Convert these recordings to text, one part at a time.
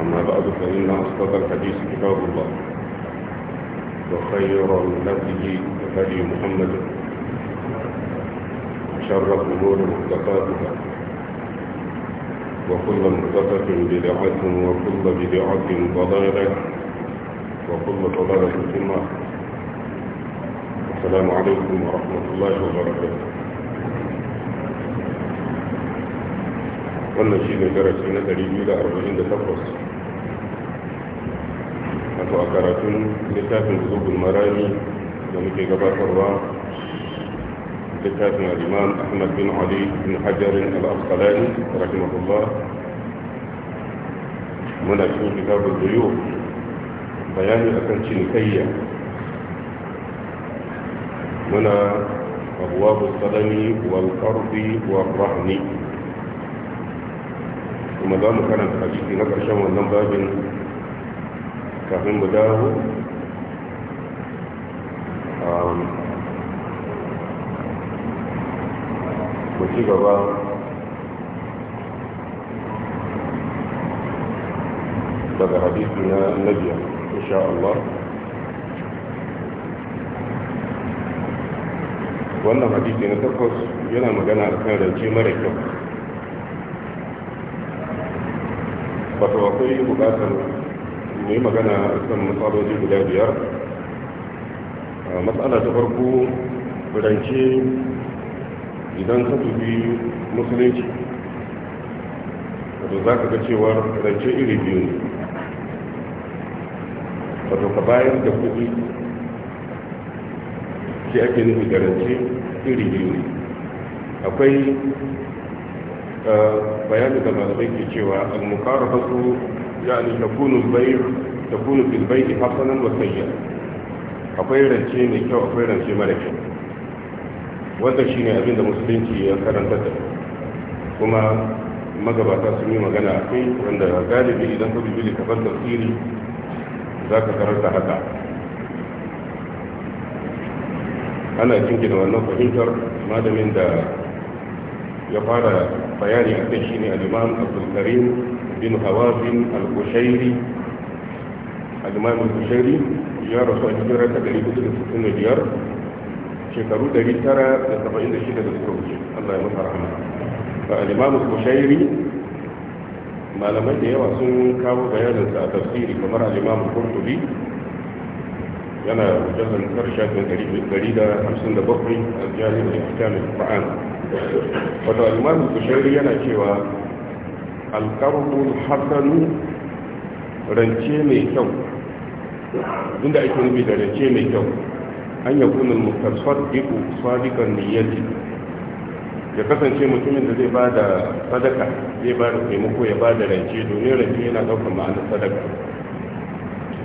أما بعد فإن أصدق الحديث كتاب الله وخير الهدي هدي محمد وشر الأمور محدثاتها وكل محدثة بدعة وكل بدعة ضلالة وكل ضلالة في النار السلام عليكم ورحمة الله وبركاته wannan shi ne darasi na 248 ko a karatun littafin zubul marami da muke gabatarwa littafin al'iman ahmad bin ali bin hajjarin al'afsalani rahimahullah muna cikin kitabun zuyo bayani akan cinikayya muna أبواب السلم والقرض والرهن ثم karanta مكان na karshen wannan babin رحمه داو مجي بابا بقى حديثنا النبي إن شاء الله وانا حديثي نتفص ينا مجانا على كندا الجي مريكا فتوقيه بقاتل mu yi magana a kan matsaloli guda biyar matsala ta farko rance idan ka dubi musulunci wato za ka ga cewa rance iri biyu ne wato ka bayar da kuɗi shi ake nufi da rance iri biyu ne akwai eh, bayanin da malamai ke cewa al-mukarrafatu yani takunu bilbai takunu bil akwai rance mai kyau akwai rance mara kyau wanda shine ne abinda musulunci ya karanta da kuma magabata sun yi magana a kai wanda galibi idan ka bibi littafin tafsiri za ka karanta haka ana jinkina wannan fahimtar madamin da ya fara bayani a kai shine ne imam abdulkarim بن هواب القشيري الإمام القشيري جار في الهجرة تقريبا ستون ديار شكروا دري ترى لتبعين الشيخ الدكتور الله يمنها رحمه فالإمام القشيري ما لم يدي وصن كاو بيانا تفسيري كمرا الإمام القرطبي أنا جزء من كرشة من قريب الجريدة حسن دبقري الجاهل لإحكام القرآن فتوى الإمام القشيري أنا شيء alƙarfun hasanu rance mai kyau inda ake nufi da rance mai kyau an ya kuna mutasar iku sadikan niyyati ya kasance mutumin da zai ba da sadaka zai ba da taimako ya ba da rance domin rance yana ɗaukar ma'anar sadaka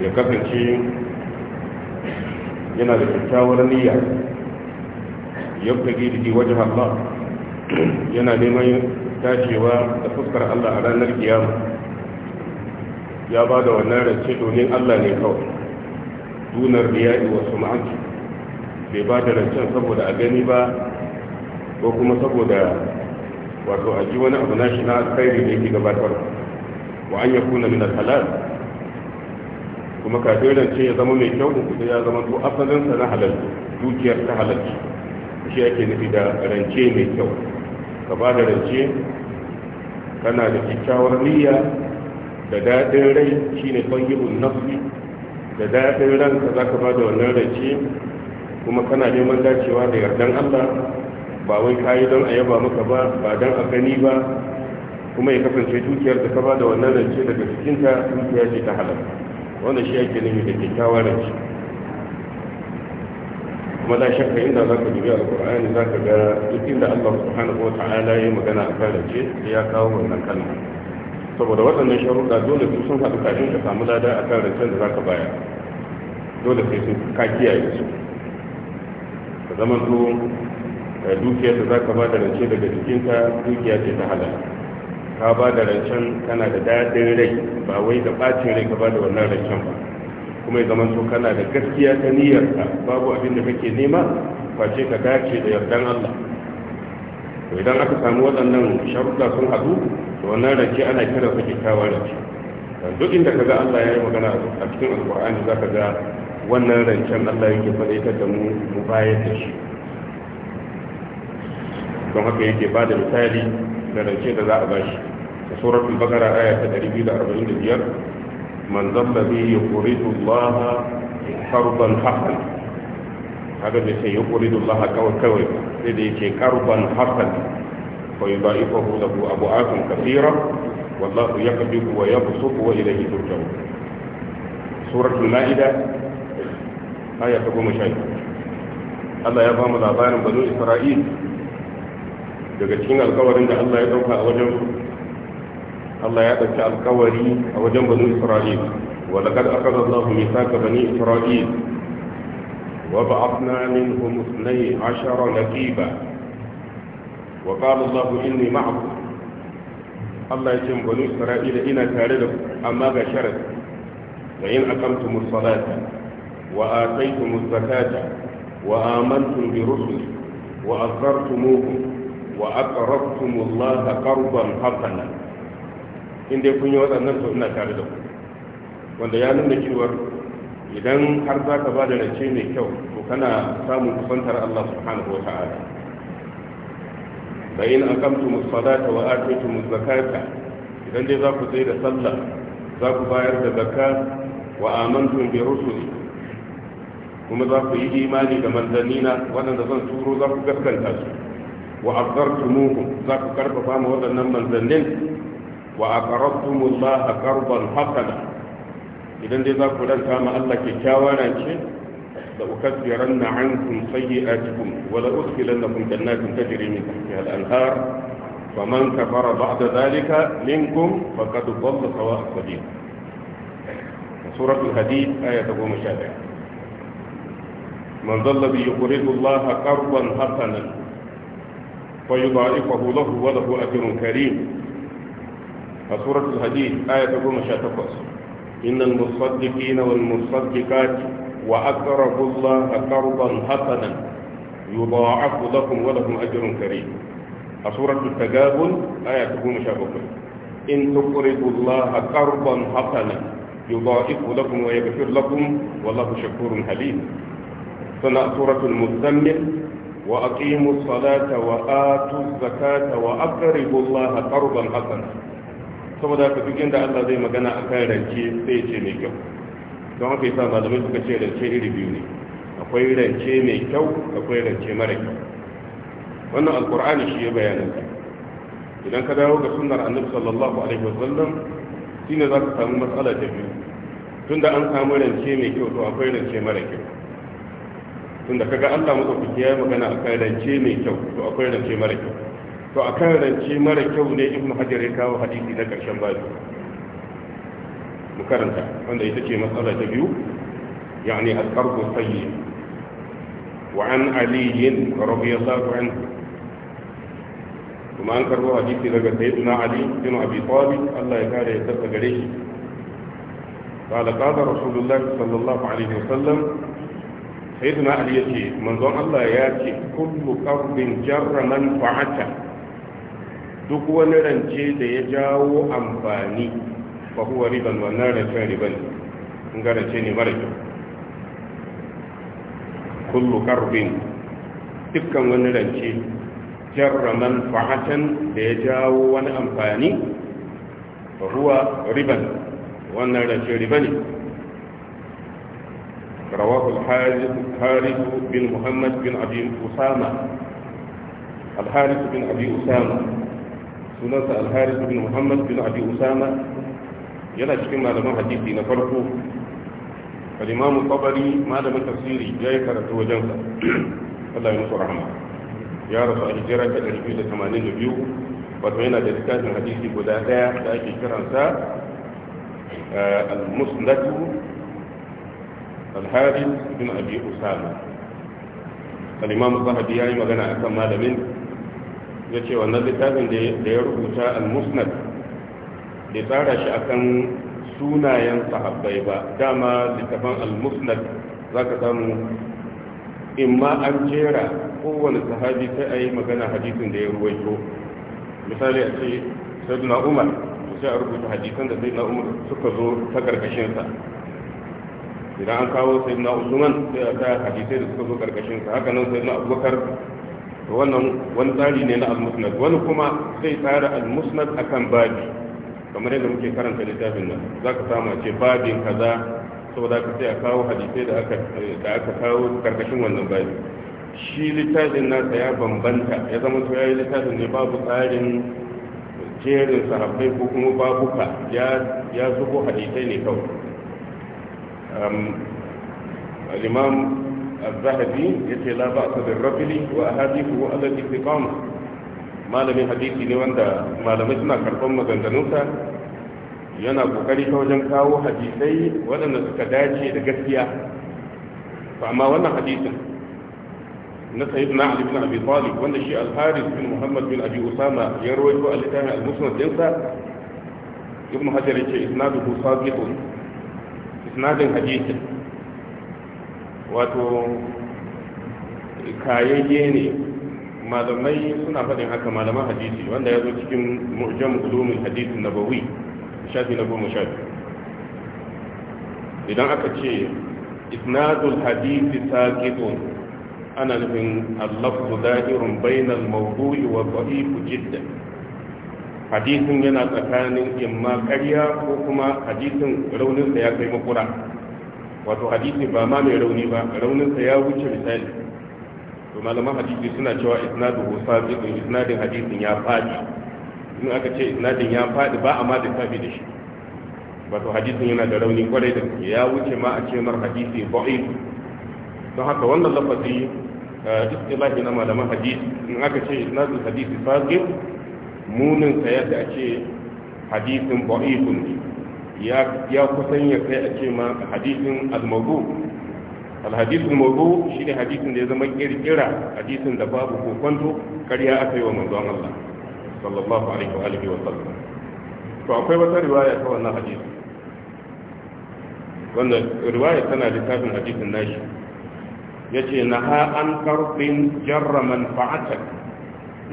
ya kasance yana da kyakkyawar niyya ta da wajen Allah yana neman dacewa da fuskar Allah a ranar kiyama ya ba da wannan rance domin Allah ne kawai dunar da yi wa sum'ati bai ba da rancen saboda a gani ba ko kuma saboda wato a ji wani abu nashi na alkhairi ne ke gabatar wa an yaku na minar halal kuma kafin rance ya zama mai kyau kuma ya zama to asalinsa na halal dukiyar ta halal shi ake nufi da rance mai kyau ka ba da rance kana da kyakkyawar niyya da daɗin rai shi shine tayyibun nafi da daɗin ranka za ka ba da wannan rance kuma kana neman dacewa da yardan Allah ba wai kayi don a yaba maka ba ba don a gani ba kuma ya kasance dukiyar da ka ba da wannan rance daga cikinta dukiya ce ta halar wannan shi ake nufi da kyakkyawar rance kuma da shakka inda za ka dubi alkur'ani za ka ga duk inda allah subhanahu wata'ala ya magana a kalace ya kawo wannan kalma saboda waɗannan sharuɗa dole su sun haɗu kafin ka samu lada a kan rancen da za ka baya dole sai sun ka kiyaye su ka zama su eh, dukiyar da za ka ba da rance daga jikinka dukiya ce ta halal ka ba da rancen kana da daɗin rai ba wai da ɓacin rai ka ba da wannan rancen ba kuma ya zama kana da gaskiya ta niyyarka babu abin da kake nema face ka dace da yardan Allah to idan aka samu waɗannan sharuɗa sun haɗu to wannan rake ana kira su kyakkyawa rake duk inda ka ga Allah ya yi magana a cikin alƙur'ani za ka ga wannan rancen Allah yake ta da mu mu bayar da shi don haka yake ba da misali da rance da za a bashi a suratul bakara aya ta 245 man zalla bi yuridu Allah karban hasan haka bai sai yuridu Allah kawai kawai sai da yake qarban hasan fa yudaifahu lahu abu'afan kathira wallahu yaqbidu wa yabsutu wa ilayhi turja'un suratul maida aya ta goma sha Allah ya ba mu labarin banu Isra'il daga cikin alkawarin da Allah ya dauka a wajen su Allah ya ɗauki alkawari a wajen banu Isra'il wa laqad akhadha Allahu mithaqa bani Isra'il wa ba'athna minhum 12 naqiba wa qala Allahu inni ma'akum Allah ya ce banu Isra'ila ina tare da ku amma ga sharadi wa in aqamtumus salata wa ataytumuz zakata وآمنتم برسلي وأقرتموهم وأقرضتم الله قرضا حسنا in dai kun yi waɗannan to ina tare da ku wanda ya nuna cewar idan har za ka ba da rance mai kyau to kana samun kusantar Allah subhanahu wa ta'ala da in musallata wa atitum muzakata idan dai za ku tsaye da sallah za ku bayar da zakka wa amantu bi rusuli kuma za ku yi imani da manzannina waɗanda zan turo za ku gaskanta su wa azartumuhum za ku karfafa ma waɗannan manzannin wa aqrabtum Allah qardan hasana idan dai za ku ranta ma Allah kyakkyawa rance la ukaffiranna ankum sayyi'atikum wa la udkhilannakum jannatin tajri min tahtiha al-anhar faman kafara ba'da dhalika minkum faqad dhalla sawa'a sabil suratul hadid aya ta 11 من ذا الذي يقرض الله قرضا حسنا فيضاعفه له وله اجر كريم سورة الحديد آية 18 إن المصدقين والمصدقات وأقرضوا الله قرضا حسنا يضاعف لكم ولكم أجر كريم سورة التقابل آية 17 إن تقرضوا الله قرضا حسنا يضاعف لكم ويغفر لكم والله شكور حليم سنة سورة المزمل وأقيموا الصلاة وآتوا الزكاة وأقرضوا الله قرضا حسنا saboda ka duk inda Allah zai magana a akan rance sai ce mai kyau don haka yasa malamai suka ce rance iri biyu ne akwai rance mai kyau akwai rance mara kyau wannan alkur'ani shi ya bayanin ka idan ka dawo ga sunnar annabi sallallahu alaihi wasallam shine za ka samu matsala ta biyu tunda an samu rance mai kyau to akwai rance mara kyau tunda kaga Allah maka ya magana akan rance mai kyau to akwai rance mara kyau to akan rance mara kyau ne ibn hajar ya kawo hadisi na ƙarshen babu mu karanta wanda ita ce matsala ta biyu Ya yani askar ku sayyi wa an ali radiyallahu anhu kuma an karbo hadisi daga sayyidina ali bin abi talib Allah ya kare ya gare shi قال قال رسول الله صلى الله عليه وسلم سيدنا علي يتي من ظن الله ياتي كل قرض جر منفعته duk wani rance da ya jawo amfani ba kuwa riban wannan rancen riban in ga rance ne mara kyau kullu karbin dukkan wani rance jarraman fahatan da ya jawo wani amfani ba kuwa riban wannan rancen riban ne رواه الحارث بن محمد بن أبي أسامة الحارث بن أبي أسامة سنان الحارث بن محمد بن ابي اسامه يلا شكي ما لما حديثي نفرقو الامام الطبري ما لما تفسيري جاي كرت وجنسا الله ينصر رحمه يا رب الجرك الاشبيه لثمانين بيو وتمينا جدكات من حديثي بلاداء لأيك كرنسا آه المسندة الحارث بن ابي اسامه الامام الطبري يعني ما قنا اكثر ما ya ce wannan littafin da ya rubuta al-musnad da tsara shi akan sunayen sahabbai ba dama littafin al-musnad za ka samu in ma an jera kowane sahabi sai a yi magana hadisin da ya ruwaito misali a ce sayyidina umar sai a rubuta hadisan da sayyidina umar suka zo ta karkashinsa idan an kawo sayyidina usman sai a ta hadisai da suka zo karkashinsa haka nan sayyidina abubakar wannan wani tsari ne na al wani kuma zai tsara al-musnad akan babi kamar yadda muke karanta littafin nan za ka samu ce babin kaza saboda ka sai a kawo hadisai da aka kawo karkashin wannan babi shi littafin nasa ya bambanta ya zama to yi littafin ne babu tsarin jerin sahabbai ko kuma babuka ya ya zubo hadisai ne kawai الذهبي يتي لا بأس بالرجل وأحاديثه على الانتقام ما لم حديثي ne wanda malamai suna karɓar maganganunsa yana kokari ta wajen kawo hadisai waɗanda suka dace da gaskiya fa amma wannan hadisin na sayyidina Ali bin Abi Talib wanda shi al-Haris bin Muhammad bin Abi Usama ya rawaito a littafin al-Musnad dinsa Ibn Hajar yace hadisin wato kayayye ne malamai suna faɗin haka malaman hadisi wanda ya zo cikin mu'jam ulumul hadisi nabawi shafi na goma shafi idan aka ce isnadul hadisi saqitun ana nufin al-lafzu da'irun bainal mawdu'i wa dha'ifu jiddan hadisin yana tsakanin imma ƙarya ko kuma hadisin raunin da ya kai makura wato hadisi ba ma mai rauni ba rauninsa ya wuce misali to malaman hadisi suna cewa isnaduhu sabiqun isnadin hadisin ya fadi in aka ce isnadin ya fadi ba a ma lissafi da shi wato hadisin yana da rauni kwarai da gaske ya wuce ma a ce mar hadisi ba'i don haka wannan lafazi eh, istilahi na malaman hadisi in aka ce isnadin hadisi sabiq munin sa yadda a ce hadisin ba'i ne ya kusan ya kai a ce ma hadisin almagu alhadisin magu shi ne hadisin da ya zama kirkira hadisin da babu kokonto karya aka yi wa manzon Allah sallallahu alaihi wa alihi wa sallam to akwai wata riwaya ta wannan hadisi wannan riwaya tana littafin hadisin nashi yace naha an qarbin jarra manfa'ata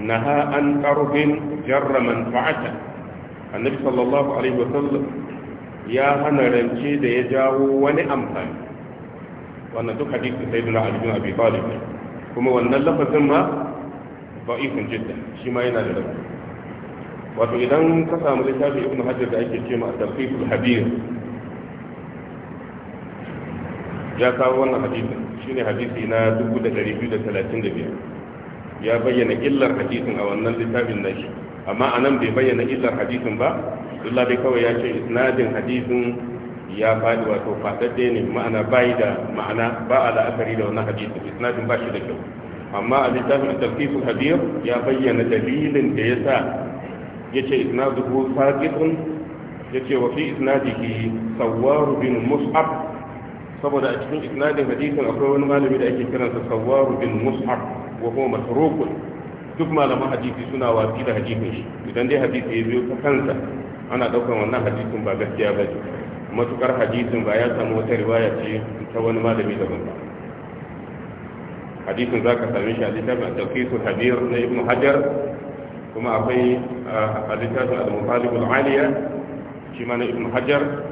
naha an qarbin jarra manfa'ata annabi sallallahu alaihi wa sallam ya hana rance da ya jawo wani amfani wannan duk hadisi sai duna aljihun abi talib ne kuma wannan lafazin ma ba ikon jidda shi ma yana da rabu wato idan ka samu littafin ibn hajar da ake ce ma tarfiful habir ya kawo wannan Shi shine hadisi na 2235 ya bayyana illar hadisin a wannan littafin nashi amma a nan bai bayyana illar hadisin ba illa dai kawai ya ce isnadin hadisin ya faɗi wato faɗaɗɗe ne ma'ana bayi da ma'ana ba a la'akari da wannan hadisin isnadin ba shi da kyau amma a littafin tafkifu habir ya bayyana dalilin da ya sa ya ce isnaduhu saqiqun ya ce wa fi ki sawwaru bin mus'ab saboda a cikin isnadin hadisin akwai wani malami da ake kiransa sawwaru bin mus'ab wa huwa masruqun duk malaman hadisi suna watsi da hadisin shi idan dai hadisi ya biyo ta kansa ana daukan wannan hadisin ba gaskiya ba ne matukar hadisin ba ya samu wata riwaya ce ta wani malami daban ba hadisin za ka same shi a littafin a taukisul hadir na ibn hajar kuma akwai a littafin al-mufalib al-aliya shi ma na ibn hajar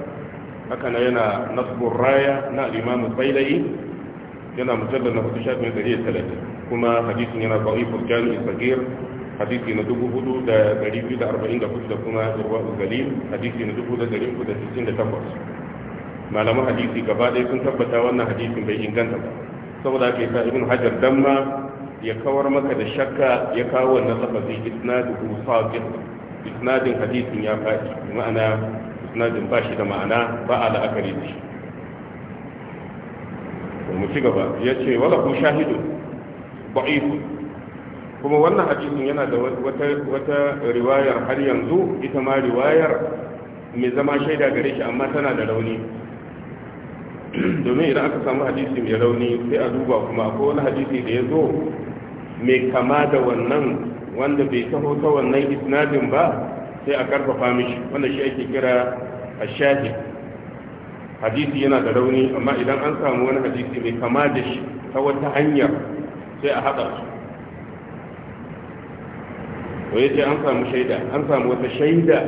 haka na yana nasbur raya na al-imam bailai yana mujallar na hudu shafin 130 kuma hadisin yana da'iful jami'i sagir hadisi na dubu hudu da dari biyu da arba'in da hudu da kuma irwa galil hadisi na dubu da dari uku da sittin da takwas malaman hadisi gaba ɗaya sun tabbata wannan hadisin bai inganta ba saboda haka yasa ibn hajar dan ma ya kawar maka da shakka ya kawo wannan lafazi isnaduhu saqit isnadin hadisin ya faɗi ma'ana isnadin ba shi da ma'ana ba a la'akari da shi mu ci gaba ya ce wala ku shahidu kuma wannan hadisin yana da wata riwayar har yanzu ita ma riwayar mai zama shaida gare shi amma tana da rauni domin idan aka samu hadisi mai rauni sai a duba kuma akwai wani hadisi da ya zo mai kama da wannan wanda bai taho ta wannan isnadin ba sai a karfafa mishi wanda shi ake kira a shahi hadisi yana da rauni amma idan an samu wani hadisi mai kama da shi ta wata hanyar sai a haɗa su to yace an samu shaida an samu wata shaida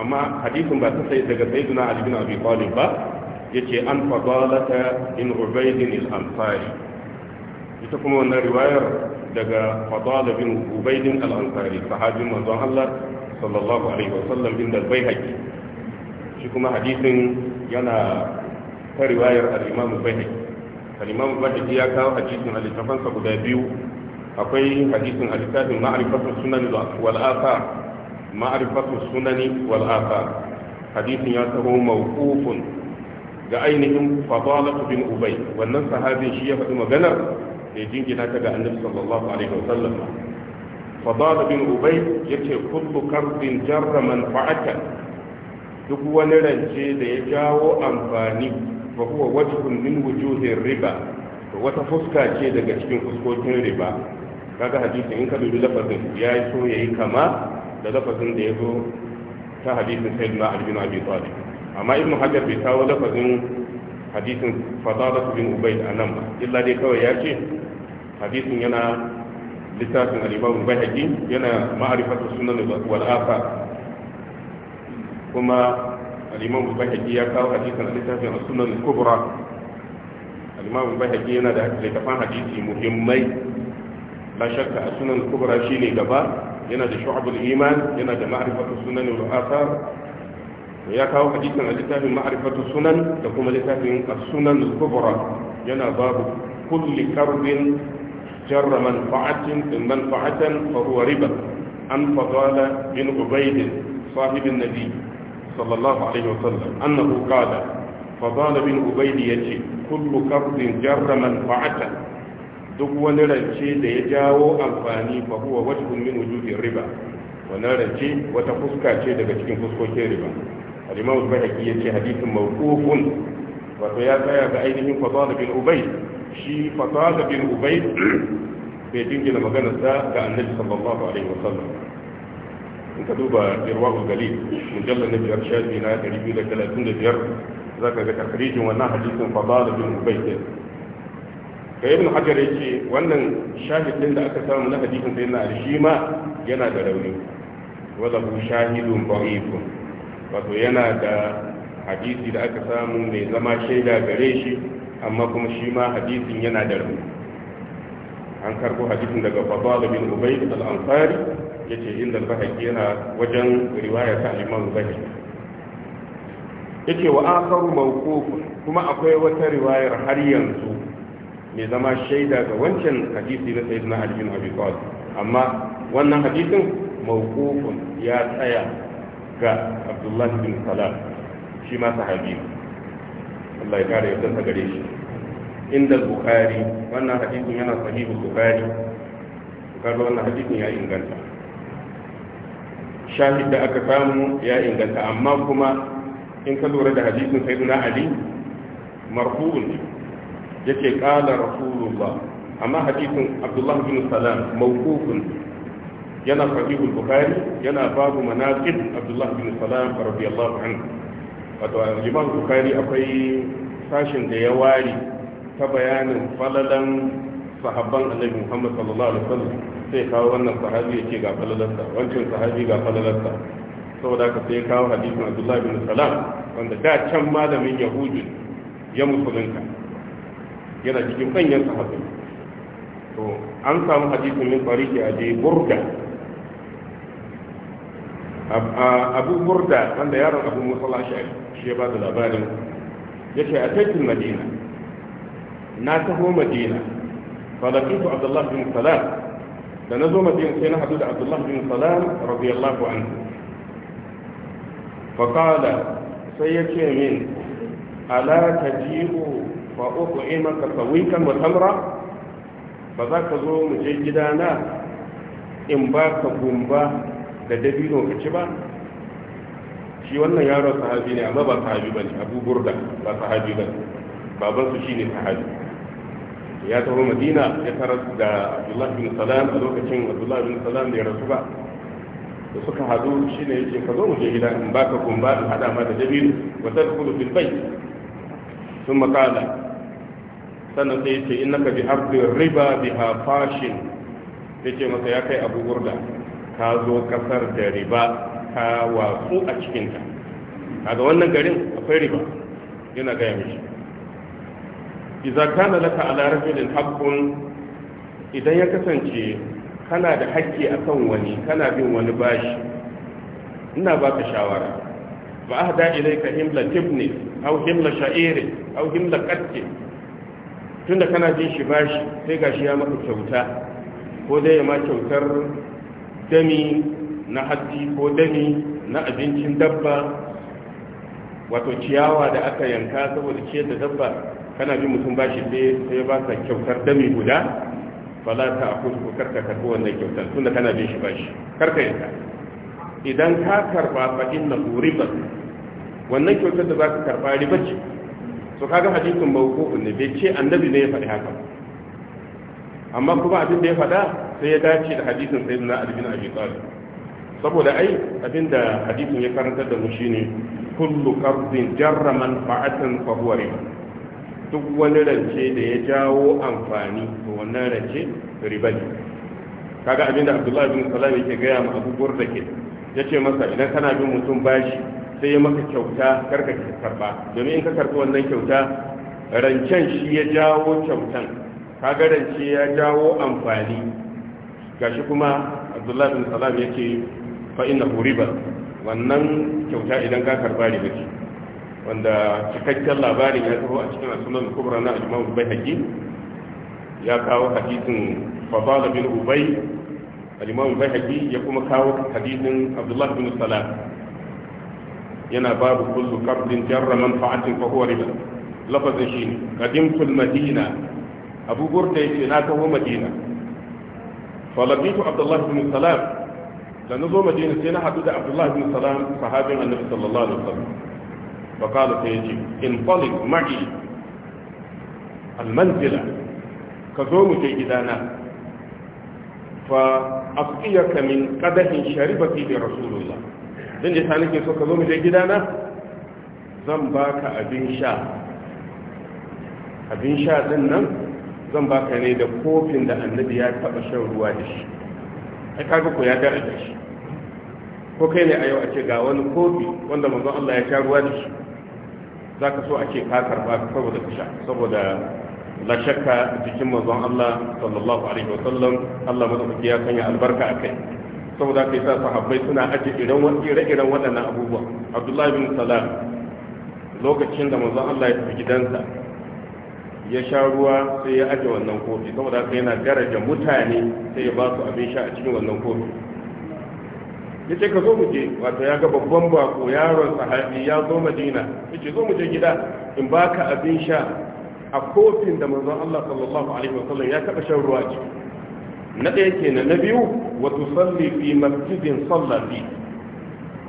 amma hadisin ba ta sai daga sayyidina Ali bin Abi Talib ba yace an fadalata in Ubayd al-Ansari ita kuma wannan riwayar daga fadala bin Ubayd al-Ansari sahabin manzon Allah sallallahu alaihi wasallam inda al-Baihaqi shi kuma hadisin yana ta riwayar al-Imam al al-imam ya kawo hadisin a littafansa guda biyu akwai hadisin a littafin ma'rifatu sunani wal athar ma'rifatu sunani wal athar hadisin ya taho mawqufun ga ainihin fadalatu bin ubay wannan sahabin shi ya faɗi maganar da jingina ta ga annabi sallallahu alaihi wa sallam. fadalatu bin ubay yace kullu kardin jarra manfa'atan duk wani rance da ya jawo amfani fa huwa wajhun min wujuhir riba wata fuska ce daga cikin fuskokin riba kaga hadisi in ka dubi lafazin ya yi so yayi kama da lafazin da ya zo ta hadisin sayyidina ali bin abi talib amma ibnu hajar bai kawo lafazin hadisin fadada bin ubayd anan ba illa dai kawai ya ce hadisin yana littafin al-imam bayhaqi yana ma'rifatu sunan wal afa kuma الإمام البهجي يقال حديثا ليس في السنة الكبرى الإمام البهجي أنا لتفاهم حديثي مهمي لا شك السنة الكبرى شيني دبا هنا دي شعب الإيمان هنا دي معرفة السنن والآثار ويقال حديثا ليس في معرفة السنن تقوم ليس في السنن الكبرى هنا باب كل كرب جر منفعة منفعة فهو ربا أن فضال بن عبيد صاحب النبي sallallahu alaihi wasallam annahu qala fadala bin ubayd yace kullu qabdin jarra man fa'ata duk wani rance da ya jawo amfani fa huwa wajhun min wujuhi riba wannan rance wata fuska ce daga cikin fuskokin riba al-imam al-bayhaqi yace hadithun mawqufun wato ya tsaya ga ainihin fadala bin ubayd shi fadala bin ubayd bai jingina maganarsa ga annabi sallallahu alaihi wasallam in ka duba irwa'ul galil mujallal na biyar shafi na ɗari biyu da talatin da biyar za ka ga takarijin wannan hadisin fadala bin ubayd ga ibn hajar yace wannan shahidin da aka samu na hadisin sai na shi ma yana da rauni wala hu shahidun ba'ifu wato yana da hadisi da aka samu mai zama shaida gare shi amma kuma shi ma hadisin yana da rauni an karbo hadisin daga fadala bin ubayd al-ansari yace inda bahaki yana wajen riwaya ta imam bahaki yace wa akharu mawquf kuma akwai wata riwayar har yanzu mai zama shaida ga wancan hadisi na sayyidina ali bin abi talib amma wannan hadisin mawqufun ya tsaya ga abdullahi bin salam shi ma sahabi Allah ya kare yadda gare shi inda bukari wannan hadisin yana sahihu bukari kaga wannan hadisin ya inganta shahid da aka samu ya inganta amma kuma in ka lura da hadisin sayyidina ali marfu'un yake qala rasulullah amma hadisin Abdullahi bin salam mawqufun yana sahihul bukhari yana babu manaqib Abdullahi bin salam radiyallahu anhu wato al-imam akwai sashin da ya wari ta bayanin falalan sahabban annabi muhammad sallallahu alaihi wasallam sai kawo wannan sahabi ya ce ga falalarsa wancan sahabi ga falalarsa saboda haka sai kawo hadisin abdullahi bin salam wanda da can malamin yahudi ya musulunta yana cikin manyan sahabbai to an samu hadisin min tsariki a je burda abu burda wanda yaron abu musala shi ya ba da labarin ya ce a taikin madina na taho madina falakitu abdullah bin salam da na zo madina sai na hadu da abdullah bin salam radiyallahu anhu faqala sai ya ce min ala tajibu fa uqimaka sawikan wa tamra ba za ka zo muje gidana in baka gumba da dabino ka ci ba shi wannan yaron sahabi ne amma ba sahabi bane abu burda ba sahabi bane baban su shine sahabi ya taho madina ya tarar da abdullahi bin salam a lokacin abdullahi bin salam ya rasu ba da suka hadu shi ne yake ka zo mu je gida in baka gumba in hada ma da jabiru wa tadkhulu fil bayt thumma qala sannan sai yace innaka bi abdi riba biha fashin yace masa ya kai abu burda ka zo kasar da riba ka watsu a cikinta. ta kaga wannan garin akwai riba yana gaya mishi iza kana laka ala rajulin haqqun idan ya kasance kana da hakki akan wani kana bin wani bashi ina baka shawara ba ahda ilayka himla tibni aw himla sha'iri aw himla qatti tunda kana jin shi bashi sai gashi ya maka kyauta ko dai ya ma kyautar dami na hatsi ko dami na abincin dabba wato ciyawa da aka yanka saboda ciyar da dabba kana bin mutum bashi sai ba ka kyautar dami guda ba za ta aku su karka karɓi wannan kyautar tun da kana bin shi bashi karka yanka idan ka in na inna ba wannan kyautar da za ka karɓa riba ce ga kaga hadisin ko ne bai ce annabi ne ya faɗi haka amma kuma abin da ya faɗa sai ya dace da hadisin sayyidina Ali bin Abi Talib saboda ai abinda hadisin ya karantar da mu shine kullu qardin jarra manfa'atan fa huwa riba duk wani rance da ya jawo amfani to wannan rance riba ne kaga abin da abdullahi bin salam yake gaya ma abubuwar da ke ya ce masa idan kana bin mutum bashi sai ya maka kyauta karka karba domin in ka karbi wannan kyauta rancen shi ya jawo kyautan kaga rance ya jawo amfani gashi kuma abdullahi bin salam yake fa inna riba wannan kyauta idan ka karba riba ce wanda cikakken labarin ya taho a cikin asunan kubra na al-imam al ya kawo hadisin fadala bin Ubai, al-imam al ya kuma kawo hadisin Abdullahi bin salam yana babu kullu qabrin jarra manfa'atin fa huwa riba lafazin shi qadimtu al-madina abu burda yace na taho madina falabitu Abdullahi bin salam da na zo madina sai na haɗu da Abdullahi bin salam sahabin annabi sallallahu alaihi wasallam فقال سيجي انطلق معي المنزل كزوم جيدانا فأسقيك من قدح شربتي لرسول الله zan je tani ke so ka zo mu je gidana zan baka abin sha abin sha din zan baka ne da kofin da annabi ya taba shan ruwa da shi ai kaga ya daraja shi ko kai ne a yau a ce ga wani kofi wanda manzon Allah ya sha ruwa da shi za ka so a ce ka karba saboda kusha saboda la shakka jikin manzon Allah sallallahu alaihi wasallam Allah madaukaki ya sanya albarka a kai saboda kai sa sahabbai suna aje irin ire-iren waɗannan abubuwa Abdullahi bin Salam lokacin da manzon Allah ya tafi gidansa ya sha ruwa sai ya aje wannan kofi saboda kai yana daraja mutane sai ya ba su abin sha a cikin wannan kofi ya ce ka zo mu je wato ya ga babban bako yaron sahabi ya zo madina ya ce zo mu je gida in baka abin sha a kofin da manzon Allah sallallahu alaihi sallam ya taba shan ruwa ce na ɗaya kenan na biyu wa tusalli fi masjidin sallafi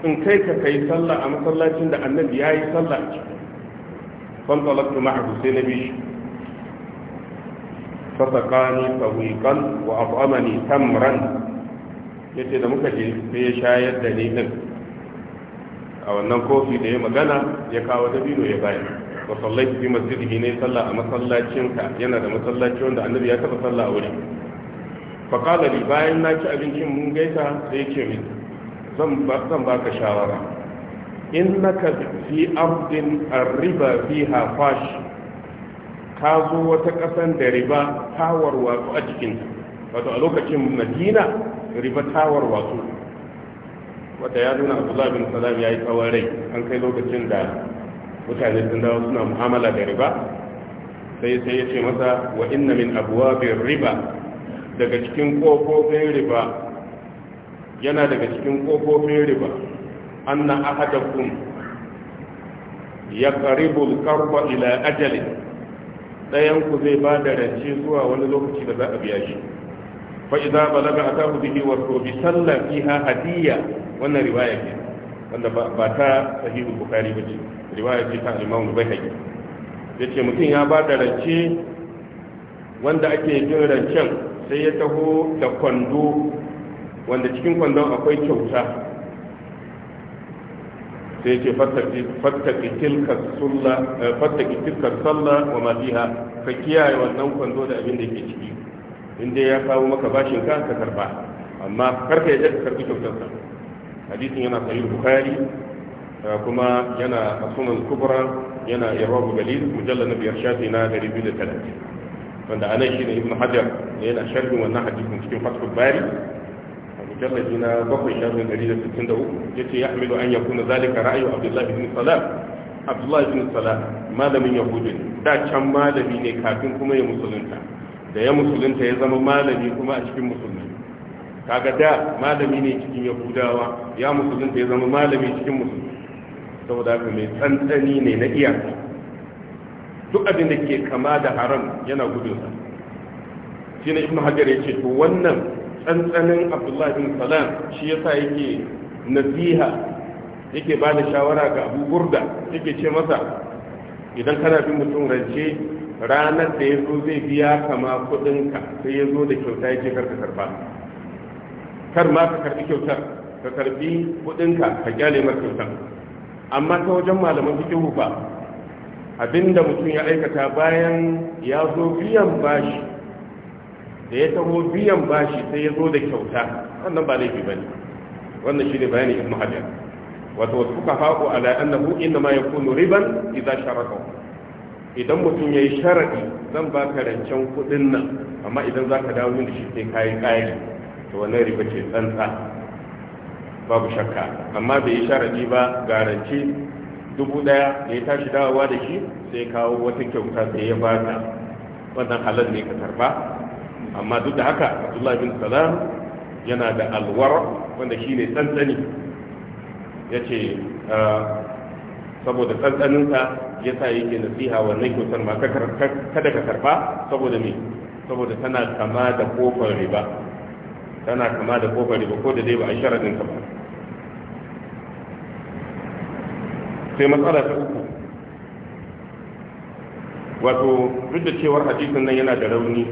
in kai ka kai sallah a masallacin da annabi yayi sallah ce fan talaqtu ma'ahu sai nabi fasaqani tawiqan wa at'amani tamran yace da muka je sai ya shayar da ni din a wannan kofi da ya magana ya kawo dabino ya bayar wa sallai fi masjidihi ne sallah a masallacinka yana da masallaci wanda annabi ya taba salla a wuri fa qala li bayan na ci abincin mun gaisa sai ce min zan ba zan baka shawara innaka fi ardin arriba fiha fash ka zo wata kasan da riba ta warwatsu a cikin wato a lokacin madina ribatawar wasu wata ya nuna abu bin salam ya yi tsawon rai an kai lokacin da mutane sun dawo suna mu'amala da riba sai sai ya ce masa wa inna min riba daga cikin kofofin riba yana daga cikin kofofin riba an anna ahadakum Ya al-qarba ila ajali. dayan ku zai ba da rance zuwa wani lokaci da za a biya shi fa idza balaga atahu bihi wa bi salla fiha hadiya wannan riwaya ce wanda ba ta sahihul bukhari ce riwaya ce ta imam bai baihaqi yace mutum ya ba da rance wanda ake jin rancen sai ya taho da kwando wanda cikin kwandon akwai kyauta sai ce fattaki tilkar sallah wa ma fiha ka kiyaye wannan kwando da abin da yake ciki in dai ya kawo maka bashin ka ka karba amma karka yadda ka karbi kyautar sa hadisin yana sahih bukhari eh, kuma yana asunan kubra yana irwabu galil mujalla na biyar shafi na dari biyu da talatin wanda a nan ne ibn hajar da yana sharhin wannan hadisin cikin fatul bari mujalladi na bakwai shafin dari da sittin da uku ya ce ya hamilu an yakuna zalika ra'ayu abdullahi bin salam abdullahi bin salam malamin Yahudin da can malami ne kafin kuma ya musulunta da ya musulunta ya zama malami kuma a cikin musulmi kaga da malami ne cikin yahudawa ya musulunta ya zama malami cikin musulmi saboda haka mai tsantsani ne na iyaka duk abin da ke kama da haram yana sa shi ne ibn hajar ya ce to wannan tsantsanin abdullahi bin salam shi yasa yake nasiha yake bada shawara ga abu burda yake ce masa idan kana bin mutum rance ranar da ya zo zai biya kama kuɗinka sai ya zo da kyauta ya ce karka karba kar ma ka karbi kyautar ka karbi kuɗinka ka kyale mar kyautar amma ta wajen malaman fikihu ba abinda mutum ya aikata bayan ya zo biyan bashi da ya taho biyan bashi sai ya zo da kyauta wannan ba laifi ba ne. wannan shi ne bayani ibn hajar wato wasu ko ala'an na hu'in inna ma yakunu riban idza sharaka idan mutum ya yi sharaɗi zan ba ka rancen kuɗin nan amma idan za ka dawo da shi sai kayan ƙayari to wannan riba ce tsantsa babu shakka amma bai yi sharaɗi ba ga rance dubu ɗaya da ya tashi dawowa da shi sai kawo wata kyauta sai ya ba ka wannan halal ne ka tarba amma duk da haka abdullahi bin salam yana da alwar wanda shi ne tsantsani ya ce ah, saboda tsantsaninsa yasa yake nasiha wannan kyautar ma kada ka karba saboda me saboda tana kama da kofar riba tana kama da kofar riba ko da dai ba a sharadin ka ba sai matsala ta uku wato duk da cewar hadisin nan yana da rauni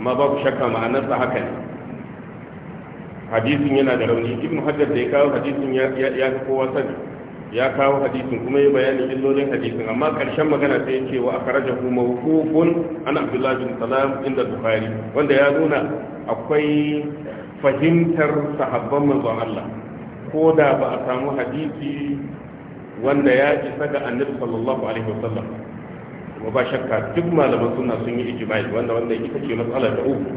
amma babu shakka sa haka ne hadisin yana da rauni ibn hajjar da ya kawo hadisin ya ya kowa sani ya kawo hadisin kuma ya bayanin illolin hadisin amma karshen magana sai ce wa kuma mawqufun an Abdullah bin Salam inda Bukhari wanda ya nuna akwai fahimtar sahabban manzon Allah ko da ba a samu hadisi wanda ya isa ga Annabi sallallahu alaihi wasallam wa ba shakka duk malaman sunna sun yi ijma'i wanda wanda ita ce matsala ta uku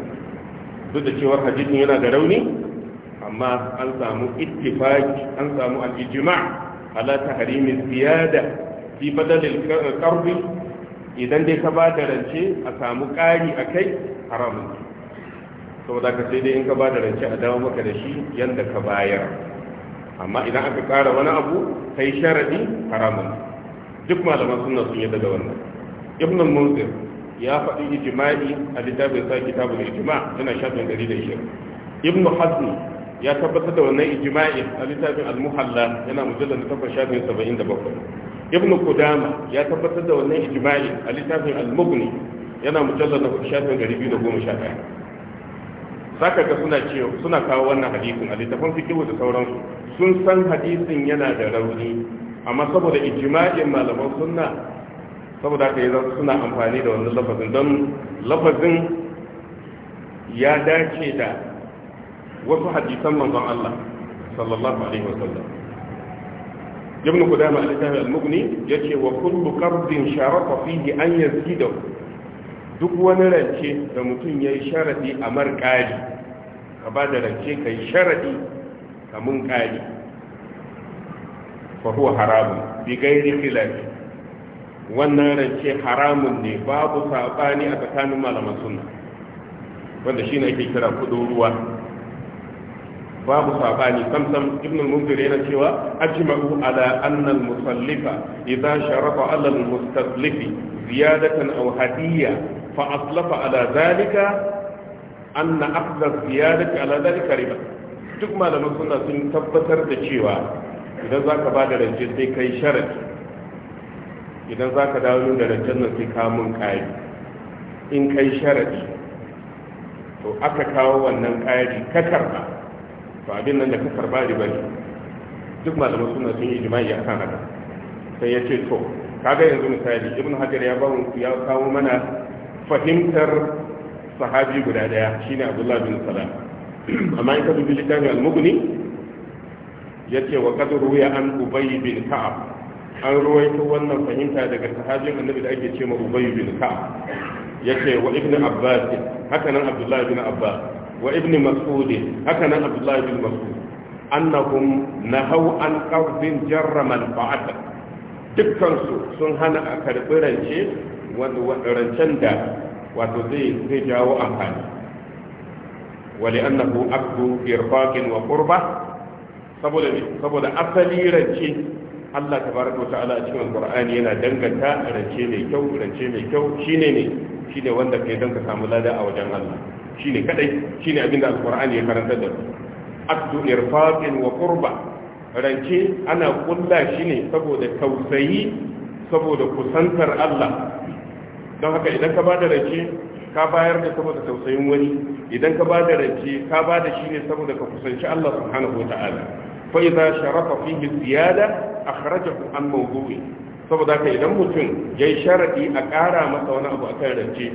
duk da cewar hadisin yana da rauni amma an samu ittifaqi an samu al-ijma' ala tahrimi ziyada fi badalil qardi idan dai ka bada rance a samu kari a kai haramun saboda ka sai dai in ka bada rance a dawo maka da shi yadda ka bayar amma idan aka ƙara wani abu kai sharadi haramun duk malaman suna sun yadda da wannan ibn munzir ya faɗi ijma'i a littafin sa kitabul ijma' yana shafin 120 ibn hazmi ya tabbatar da wannan ijma'i a littafin al-muhalla yana mujallal na takwas shafin saba'in da bakwai ibn kudama ya tabbatar da wannan ijma'i a littafin al-mughni yana mujallal na shafin gari biyu da goma sha ɗaya zaka ga suna cewa suna kawo wannan hadisin a littafin fikihu da sauransu sun san hadisin yana da rauni amma saboda ijma'in malaman sunna saboda haka yanzu suna amfani da wannan lafazin don lafazin ya dace da wasu hadisan manzon Allah sallallahu alaihi wasallam ibn qudama al-kitabi al-mughni yace wa kullu qabdin sharafa fihi an yazida duk wani rance da mutum yayi sharadi a marqali ka ba da rance kai sharadi kamun kali fa huwa haramun bi ghairi khilaf wannan rance haramun ne babu sabani a tsakanin malaman sunna wanda shine ake kira kudin ruwa babu sabani samsam ibn al-munzir yana cewa ajma'u ala anna al-musallifa ala al-mustaslifi ziyadatan aw hadiyya fa aslafa ala dhalika anna ziyadati ala dhalika riba duk malaman suna sun tabbatar da cewa idan zaka ba da rance sai kai sharadi idan zaka dawo da rancen nan sai ka mun kai in kai sharadi to aka kawo wannan ƙari ka karba to abin nan da ka karba riba ne duk malaman suna sun yi jima'i a kan haka sai ya ce to kaga yanzu misali ibn hajar ya ba ya kawo mana fahimtar sahabi guda daya shine Abdullahi bin salam amma in ka dubi littafin al-mughni ce wa qad ruya an ubay bin ka'ab an ruwaito wannan fahimta daga sahabin annabi da ake ce ma ubay bin ka'ab yace wa ibn abbas haka nan abdullah bin abbas wa ibn mas'ud haka nan abdullahi bin mas'ud annahum nahaw an qardin jarra manfa'ata dukkan su sun hana a karbi rance wato rancen da wato zai zai jawo amfani wa li'annahu aqdu irfaqin wa qurba saboda saboda asali rance Allah tabaraka wa ta'ala a cikin Qur'ani yana danganta rance mai kyau rance mai kyau shine ne shine wanda ke danka samu lada a wajen Allah shine kadai shine abinda alqur'ani ya karanta da abdu irfaqin wa qurba rance ana kulla shi ne saboda tausayi saboda kusantar Allah don haka idan ka bada rance ka bayar da saboda tausayin wani idan ka bada rance ka bada shi ne saboda ka kusanci Allah subhanahu wata'ala fa idza sharafa fihi ziyada akhrajahu an mawdu'i saboda haka idan mutum yayi sharadi a ƙara masa wani abu akan rance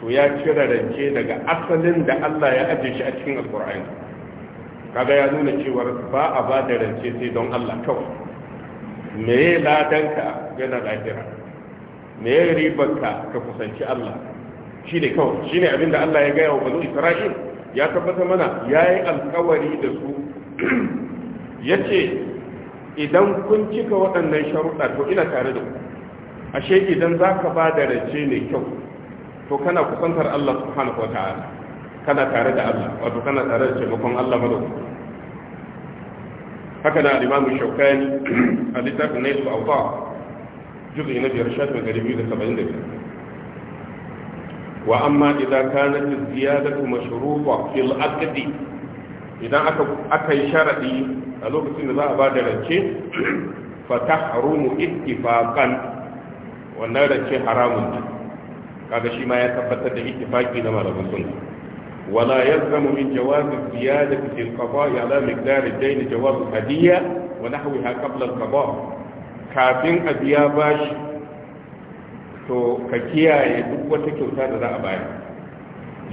to ya cire rance daga asalin da Allah ya ajiye shi a cikin alkur'ani kaga ya nuna cewa ba a ba da rance sai don Allah kawai me ladanka yana lahira me ribanka ka kusanci Allah shi ne kawai shi ne abinda Allah ya gaya wa banu Isra'il ya tabbata mana ya yi alkawari da su ya ce idan kun cika waɗannan sharuɗa to ina tare da ku ashe idan za ka ba da rance ne kyau to kana kusantar Allah subhanahu wa ta'ala kana tare da Allah wato kana tare da taimakon Allah madaukaki haka da al-Imam Shawkani a littafin Nail al-Awqa juz'i na biyar shafin gari biyu da da saba'in 275 wa amma idan ka kanat ziyadatu mashrufa fil aqdi idan aka yi sharaɗi, a lokacin da za a ba da rance fa tahrumu ittifaqan wannan rance haramun ne kaga shi ma ya tabbatar da ittifaqi na malaman sunna wala yalzamu min jawaz ziyada fi al-qada' ala miqdar ad-dayn jawaz hadiyya wa nahwaha qabla al-qada' kafin a biya bashi to ka kiyaye duk wata kyauta da za a bayar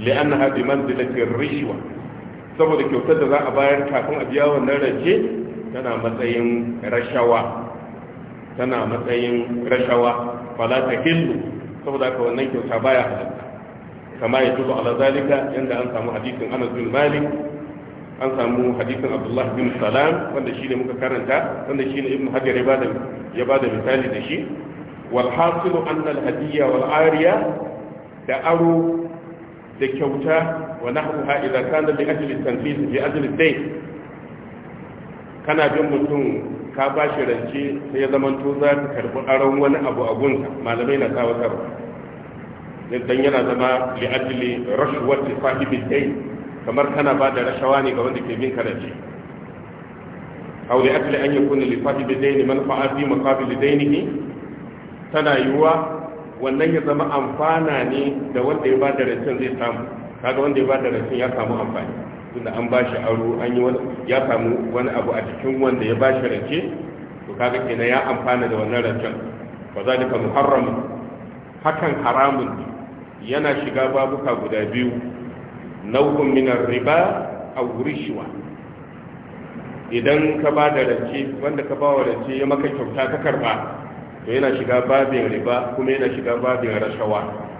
li'annaha bi manzilati ar-rishwa saboda kyautar da za a bayar kafin a biya wannan rance tana matsayin rashawa tana matsayin rashawa fala ta hillu saboda haka wannan kyauta baya halatta kama ya tuba ala zalika yanda an samu hadisin Anas bin Malik an samu hadisin Abdullah bin Salam wanda shi shine muka karanta wanda shi ne Ibn Hajar ya bada ya bada misali da shi wal hasilu anna al hadiyya wal ariya da aro da kyauta wa nahruha idza kana bi ajli tanfis bi ajli dayn kana bin mutum ka ba shi rance sai ya zama to za ka karbi aron wani abu a gunka malamai na tsawatarwa dan yana zama li'ajli rashwat sahibi dai kamar kana ba da rashawa ne ga wanda ke bin karace aw li'ajli an yakuna li sahibi dai manfa'a fi maqabil dainihi tana yiwuwa. wannan ya zama amfana ne da wanda ya ba da rancen zai samu kaga wanda ya ba da rancen ya samu amfani tunda an ba shi aro an yi wani ya samu wani abu a cikin wanda ya ba shi rance to kaga kenan ya amfana da wannan rancen fa zalika muharram hakan haramun yana shiga babuka guda biyu nau'un min riba aw rishwa idan ka ba da rance wanda ka ba wa rance ya maka kyauta ka karba to yana shiga babin riba kuma yana shiga babin rashawa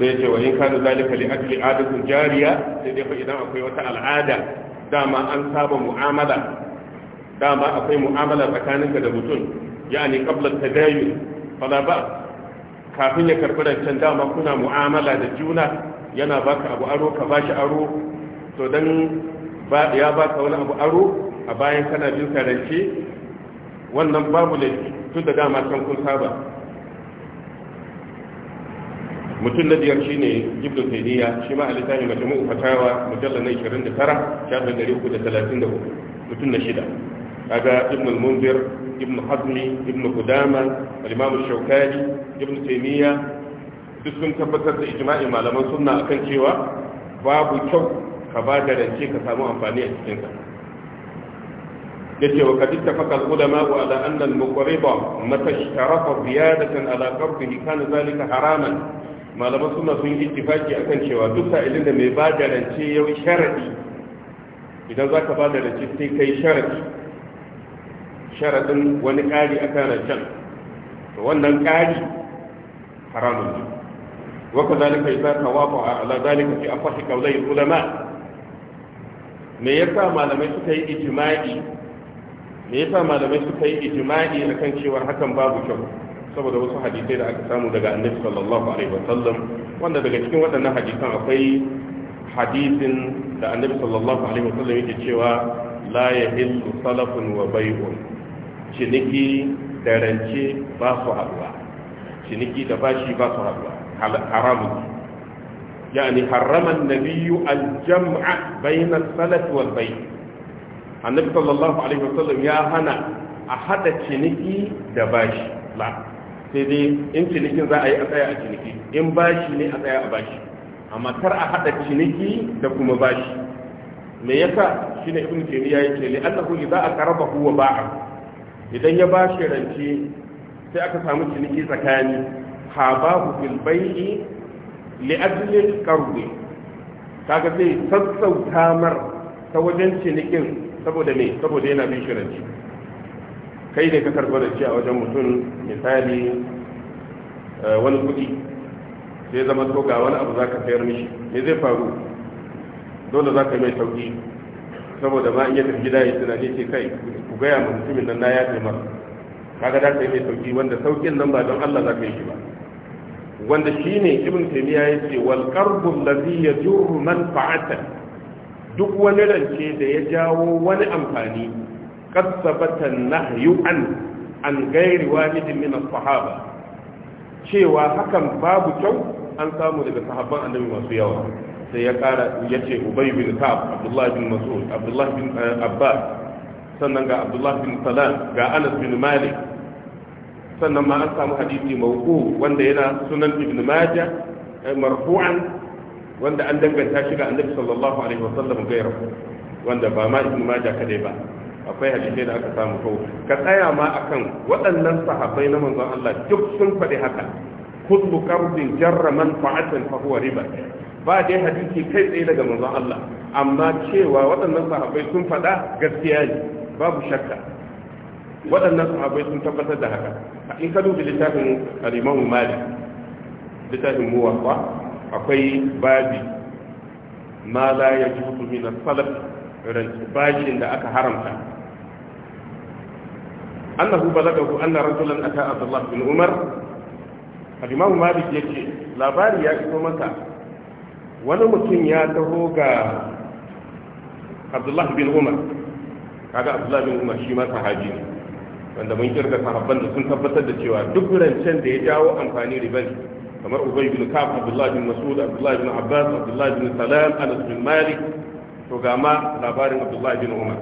sai ce wa in kana zalika li akli adatu jariya sai dai fa idan akwai wata al'ada dama an saba mu'amala dama akwai mu'amala tsakaninka da mutum yani qabla tadayyun fala ba kafin ya karbi rancen dama kuna mu'amala da juna yana baka abu aro ka bashi aro to dan ba ya baka wani abu aro a bayan kana bin karance wannan babu laifi tun da dama kan kun saba mutum na biyar ne ibnu taymiya shi ma alisani majmu'u fatawa mujallal na 29 shafin 334 mutum na shida kaga ibn al-munzir ibn hazmi ibn qudama al-imam ash-shawkani ibn taymiya duk sun tabbatar da ijma'i malaman sunna akan cewa babu kyau ka ba da rance ka samu amfani a cikin sa yace wa kad ittafaqa al-ulama wa ala anna al-muqriba mata ishtarata ziyadatan ala qabdihi kana zalika haraman malaman suna sun yi ittifaki akan cewa duk sa'ilin da mai ba da rance ya yi sharadi idan za ka ba da rance sai ka yi sharadi sharadin wani ƙari akan rancen to wannan ƙari haramun ne waka zalika wafa a ala zalika fi afahi kaulai ulama me yasa malamai suka yi ijma'i me yasa malamai suka yi ijma'i akan cewa hakan babu kyau saboda wasu hadisai da aka samu daga annabi sallallahu alaihi wasallam wanda daga cikin waɗannan hadisan akwai hadisin da annabi sallallahu alaihi wasallam yake cewa la yahillu salafun wa bai'un ciniki da rance ba su haɗuwa ciniki da bashi ba su haɗuwa haramun yani harraman nabiyyu al-jam'a bayna as-salaf wal bay' annabi sallallahu alaihi wasallam ya hana a hada ciniki da bashi la sai dai in cinikin za a yi a tsaya a ciniki in bashi ne a tsaya a bashi amma kar a haɗa ciniki da kuma bashi me yasa ya ibnu taymiya yake li za idza aqrabahu huwa ba'a idan ya bashi rance sai aka samu ciniki tsakani habahu fil bai'i li ajli qardi kaga sai sassauta mar ta wajen cinikin saboda me saboda yana bin shi rance kai ne ka karɓi shi a wajen mutum misali eh, wani kuɗi sai zama to ga wani abu za ka sayar mishi me zai faru dole za ka yi mai sauƙi saboda ma in tafi gida ya tunani ce kai ku gaya ma mutumin nan na ya taimar kaga da ka yi mai sauƙi wanda sauƙin nan ba don Allah za ka yi shi ba wanda shi ne ibn ya ce wal qarbu allazi juru manfa'atan duk wani rance da ya jawo wani amfani قد ثبت النهي عن عن غير واحد من الصحابة cewa hakan babu kyau an samu daga sahabban annabi masu yawa sai ya kara ya ce ubay bin ka'ab abdullah bin mas'ud abdullah bin abbas sannan ga abdullah bin salam ga anas bin malik sannan ma an samu hadisi mawqu wanda yana sunan ibn majah marfu'an wanda an danganta shi ga annabi sallallahu alaihi wasallam gairu wanda ba ma ibn majah kadai ba akwai hadisai da aka samu ko ka tsaya ma akan waɗannan sahabbai na manzon Allah duk sun faɗi haka kullu qardin jarra manfa'atan fa huwa riba ba dai hadisi kai tsaye daga manzon Allah amma cewa waɗannan sahabbai sun faɗa gaskiya ne babu shakka waɗannan sahabbai sun tabbatar da haka in ka duba littafin al-Imam Malik littafin Muwatta akwai babi ma la yajuzu min as-salaf bashin da aka haramta annahu balagahu anna rajulan ata abdullah bin umar al-imam malik yace labari ya fito maka. wani mutum ya taho ga abdullah bin umar kaga abdullah bin umar shi ma sahabi ne wanda mun kirga sahabban da sun tabbatar da cewa duk rancen da ya jawo amfani riba ne kamar ubay bin ka'ab abdullah bin mas'ud abdullah bin abbas abdullah bin salam anas bin malik to ga ma labarin abdullahi bin umar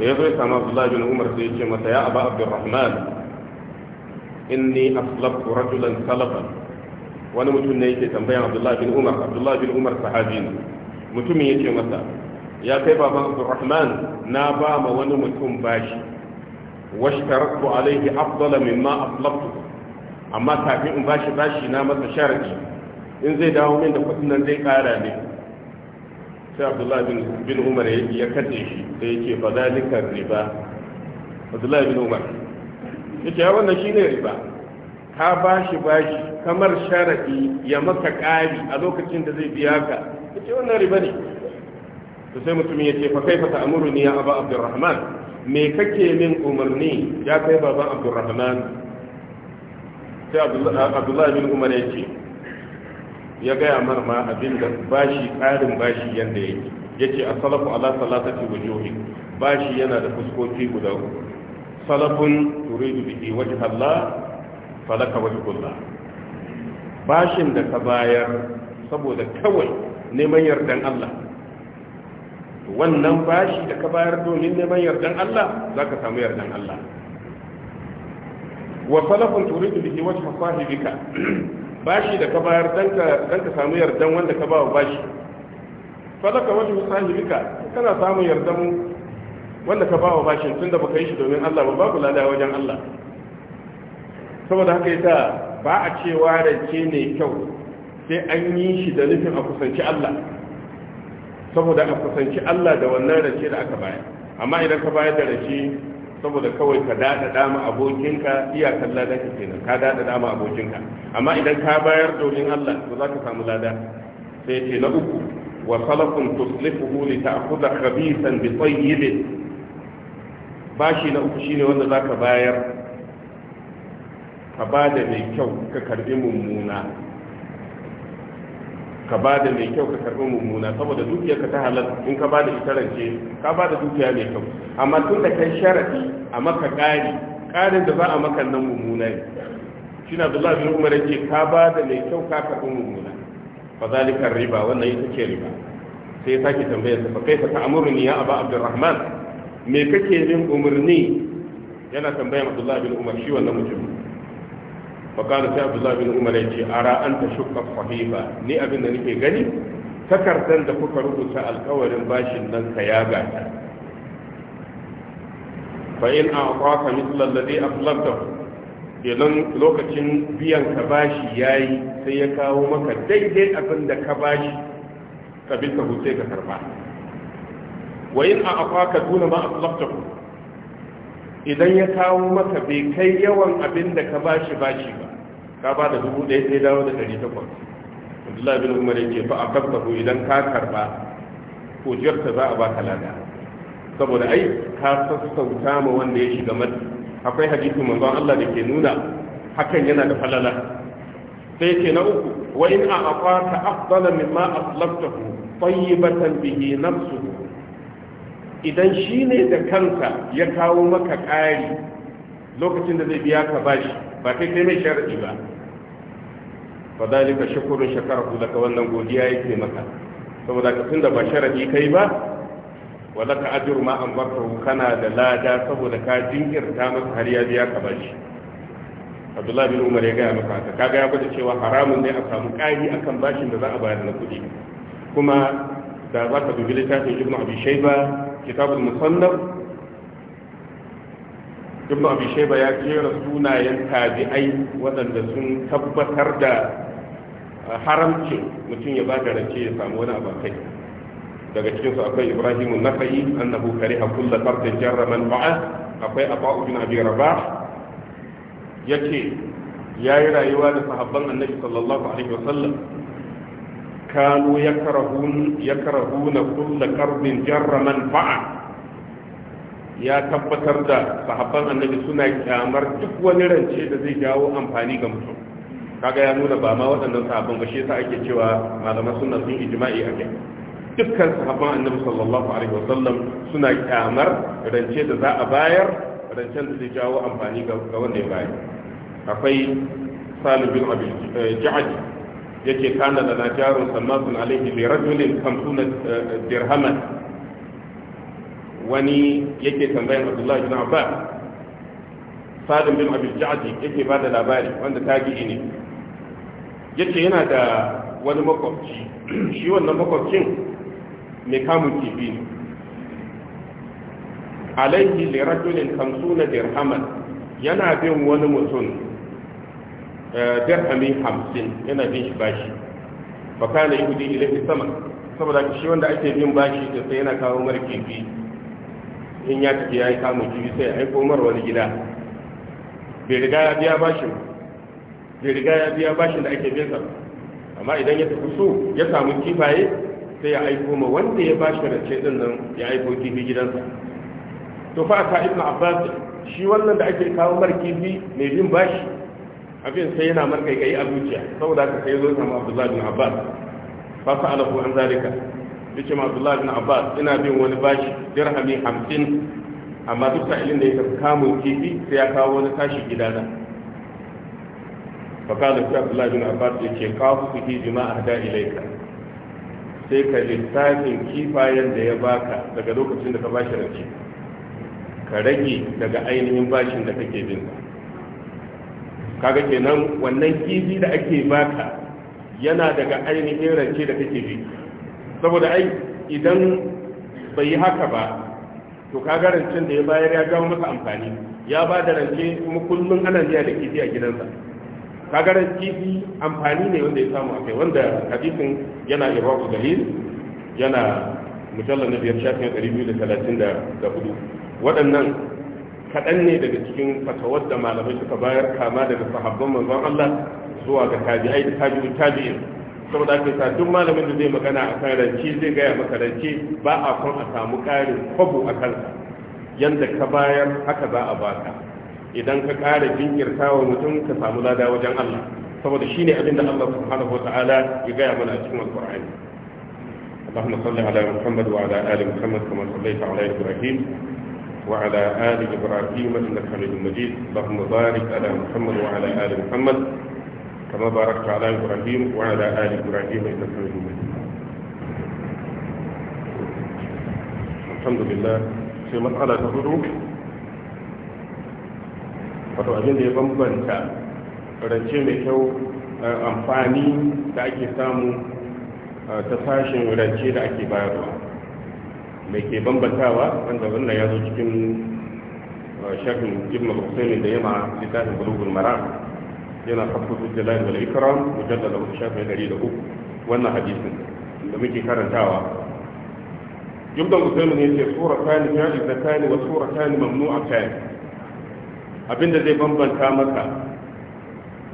da ya zo ya abdullahi bin umar sai ya ce masa ya aba abdurrahman inni aslabtu rajulan salafa wani mutum ne yake tambayan abdullahi bin umar abdullahi bin umar sahabi ne mutumin yake masa ya kai baban abdurrahman na ba ma wani mutum bashi washtaratu alaihi afdala mimma aslabtu amma kafin in bashi bashi na masa sharadi in zai dawo min da kudin nan zai kara ne sai abdullahi bin umar ya kace shi sai ya ce ba zalikar riba abdullahi bin umar ya ce wannan shi ne riba ka bashi bashi kamar sharaɗi ya maka ƙari a lokacin da zai biya ka ya ce wannan riba ne to sai mutum ya ce fa kai fa ta'amuru ya aba abdurrahman me kake min umarni ya kai baban abdurrahman sai abdullahi bin umar ya ce ya gaya mar ma abin da bashi karin bashi yanda yake yace a salafu ala salatati wujuhi bashi yana da fuskoki guda uku salafun turidu bihi wajh Allah falaka Allah bashin da ka bayar saboda kawai neman yardan Allah wannan bashi da ka bayar domin neman yardan Allah zaka samu yardan Allah wa salafun turidu bihi wajh sahibika bashi da ka bayar dan ka samu yardan wanda ka ba wa bashi sadaka wajen sahibika kana samun yardan wanda ka ba wa bashin tunda baka yi shi domin Allah ba babu lada wajen Allah saboda haka yasa ba a cewa rance ne kyau sai an yi shi da nufin a kusanci Allah saboda a kusanci Allah da wannan rance da aka bayar amma idan ka bayar da rance saboda kawai ka dada dama abokinka iyakan lada ka kenan ka dada dama abokinka amma idan ka bayar domin Allah to za ka samu lada sai ce na uku wa salafun tuslifuhu li ta'khudha khabisan bi tayyibin bashi na uku shine wanda za ka bayar ka bada mai kyau ka karbi mummuna ka ba da mai kyau ka karbi mummuna saboda dukiyar ka ta halal in ka ba da ita rance ka ba da dukiya mai kyau amma tun da kai sharadi a maka ƙari ƙarin da za a maka nan mummuna ne shi na Abdullah bin Umar yake ka ba da mai kyau ka karbi mummuna fa zalikar riba wannan ita ce riba sai ya sake tambayar sa fa kaifa ta'muruni ya Aba Abdurrahman me kake yin umarni yana tambayar Abdullahi bin Umar shi wannan mutum faƙalu sai abdullahi bin umar ya ce ara an ta shukka fahiba ni abin da nake gani takardar da kuka rubuta alkawarin bashin nan ka ya gata fa in a kwaka mislan da zai lokacin biyan ka bashi ya yi sai ya kawo maka daidai abin da ka bashi ka bi ka hutai ka karba wa in a kwaka tuna ma aflanta idan ya kawo maka bai kai yawan abin da ka bashi bashi ba ka ba da dubu ɗaya sai dawo da ɗari takwas abdullahi bin umar yake fa akabtahu idan ka karba hujjarta za a baka lada saboda ai ka sassauta ma wanda ya shiga mata akwai hadisi manzon Allah da ke nuna hakan yana da falala sai ke na uku wa in a afaka afdala mimma aslaftahu tayyibatan bihi nafsuhu idan shi ne da kansa ya kawo maka ƙari lokacin da zai biya ka bashi ba kai kai mai sharaɗi ba ka dalika shakar ku daga wannan godiya yake maka saboda ka da ba sharaɗi kai ba wa laka ajru ma an barka kana da lada saboda ka jinkirta masa har ya biya ka bashi Abdullahi bin Umar ya gaya maka ka kaga ya gwada cewa haramun ne a samu ƙari akan bashin da za a bayar na kuɗi kuma da za ka dubi littafin Ibn Abi Shayba kitabul musannaf ibn abi shayba ya jera sunayen tabi'ai waɗanda sun tabbatar da ah, haramcin mutum ya bada rance ya samu wani abu kai daga cikin su akwai ibrahim an-nakhai annahu kariha kull fardin jarra man ba'a akwai abu ibn abi rabah yace yayi rayuwa da sahabban annabi sallallahu alaihi wasallam kanu yakrahun na kullu qarbin jarra manfa'a ya tabbatar da sahabban annabi suna kyamar duk wani rance da zai jawo amfani ga mutum kaga ya nuna ba ma waɗannan sahabban ba shi yasa ake cewa malaman sunna sun ijma'i akai dukkan sahabban annabi sallallahu alaihi wasallam suna kyamar rance da za a bayar rancen da zai jawo amfani ga wanda ya bayar akwai salim bin yake kana da na jarun salmatun alaihi li rajulin kamsuna eh, dirhaman wani yake tambayan abdullahi bin abbas salim bin abul ja'di yake ba da labari wanda tabi'i ne yace yana da wani makwabci shi wannan makwabcin mai kamun kifi ne alaihi li rajulin kamsuna dirhaman yana bin wani mutum Eh, dirhami hamsin yana bin shi bashi ba ka na yahudi ilaihi sama saboda shi wanda ake bin bashi da sai yana kawo mara kifi in ya tafi ya yi kamun kifi sai aiko mara wani gida bai riga ya biya bashin bai riga ya biya bashin da ake bin sa amma idan ya tafi so ya samu kifaye sai ya aiko ma wanda ya bashi rance din nan ya aiko kifi gidansa to fa aka ibnu abbas shi wannan da ake kawo mara kifi mai bin bashi abin sai yana markai kai a zuciya saboda haka sai zo sama Abdullahi bin Abbas fa sa'alahu an zalika yace ma Abdullahi bin Abbas ina bin wani bashi dirhami 50 amma duk sa'ilin da ya kamun kifi sai ya kawo wani tashi gidana fa kana sai Abdullahi bin Abbas yace su fi jima'a da ilaika sai ka lissafin kifayen da ya baka daga lokacin da ka bashi rance ka rage daga ainihin bashin da kake bin sa kaga kenan wannan kifi da ake baka yana daga ainihin rance da kake bi saboda ai idan bai yi haka ba to kaga rancen da ya bayar ya gawo masa amfani ya ba da rance kuma kullum ana jiya da kifi a gidansa kaga ran kifi amfani ne wanda ya samu akai wanda hadisin yana irwaku dalil yana mujallal na biyar shafin 234 waɗannan kaɗan ne daga cikin fatawar da malamai suka bayar kama daga sahabban manzon Allah zuwa ga tabi'ai da tabi'u tabi'in saboda aka sa duk malamin da zai magana a kan rance zai gaya maka rance ba a kan a samu ƙarin kwabo a kansa yanda ka bayar haka za a baka idan ka ƙara jinkirta wa mutum ka samu lada wajen Allah saboda shine abin da Allah subhanahu wa ta'ala ya gaya mana a cikin alƙur'ani اللهم صل على محمد وعلى محمد كما صليت على وعلى آل إبراهيم إنك حميد مجيد اللهم بارك على محمد وعلى آل محمد كما باركت على إبراهيم وعلى آل إبراهيم إنك حميد مجيد الحمد لله في مسألة تهدو wato abin da ya bambanta rance mai kyau amfani da ake samu ta sashen rance da ake bayarwa mai ke bambantawa wanda wannan ya zo cikin uh, shafin ibn husaini da yama littafin bulugul maram yana hafizu jalal wal ikram mujallal da shafin 103 wannan hadisin da muke karantawa ibn husaini ne yake sura tani da tani wa sura tani mamnu'a tani abinda zai bambanta maka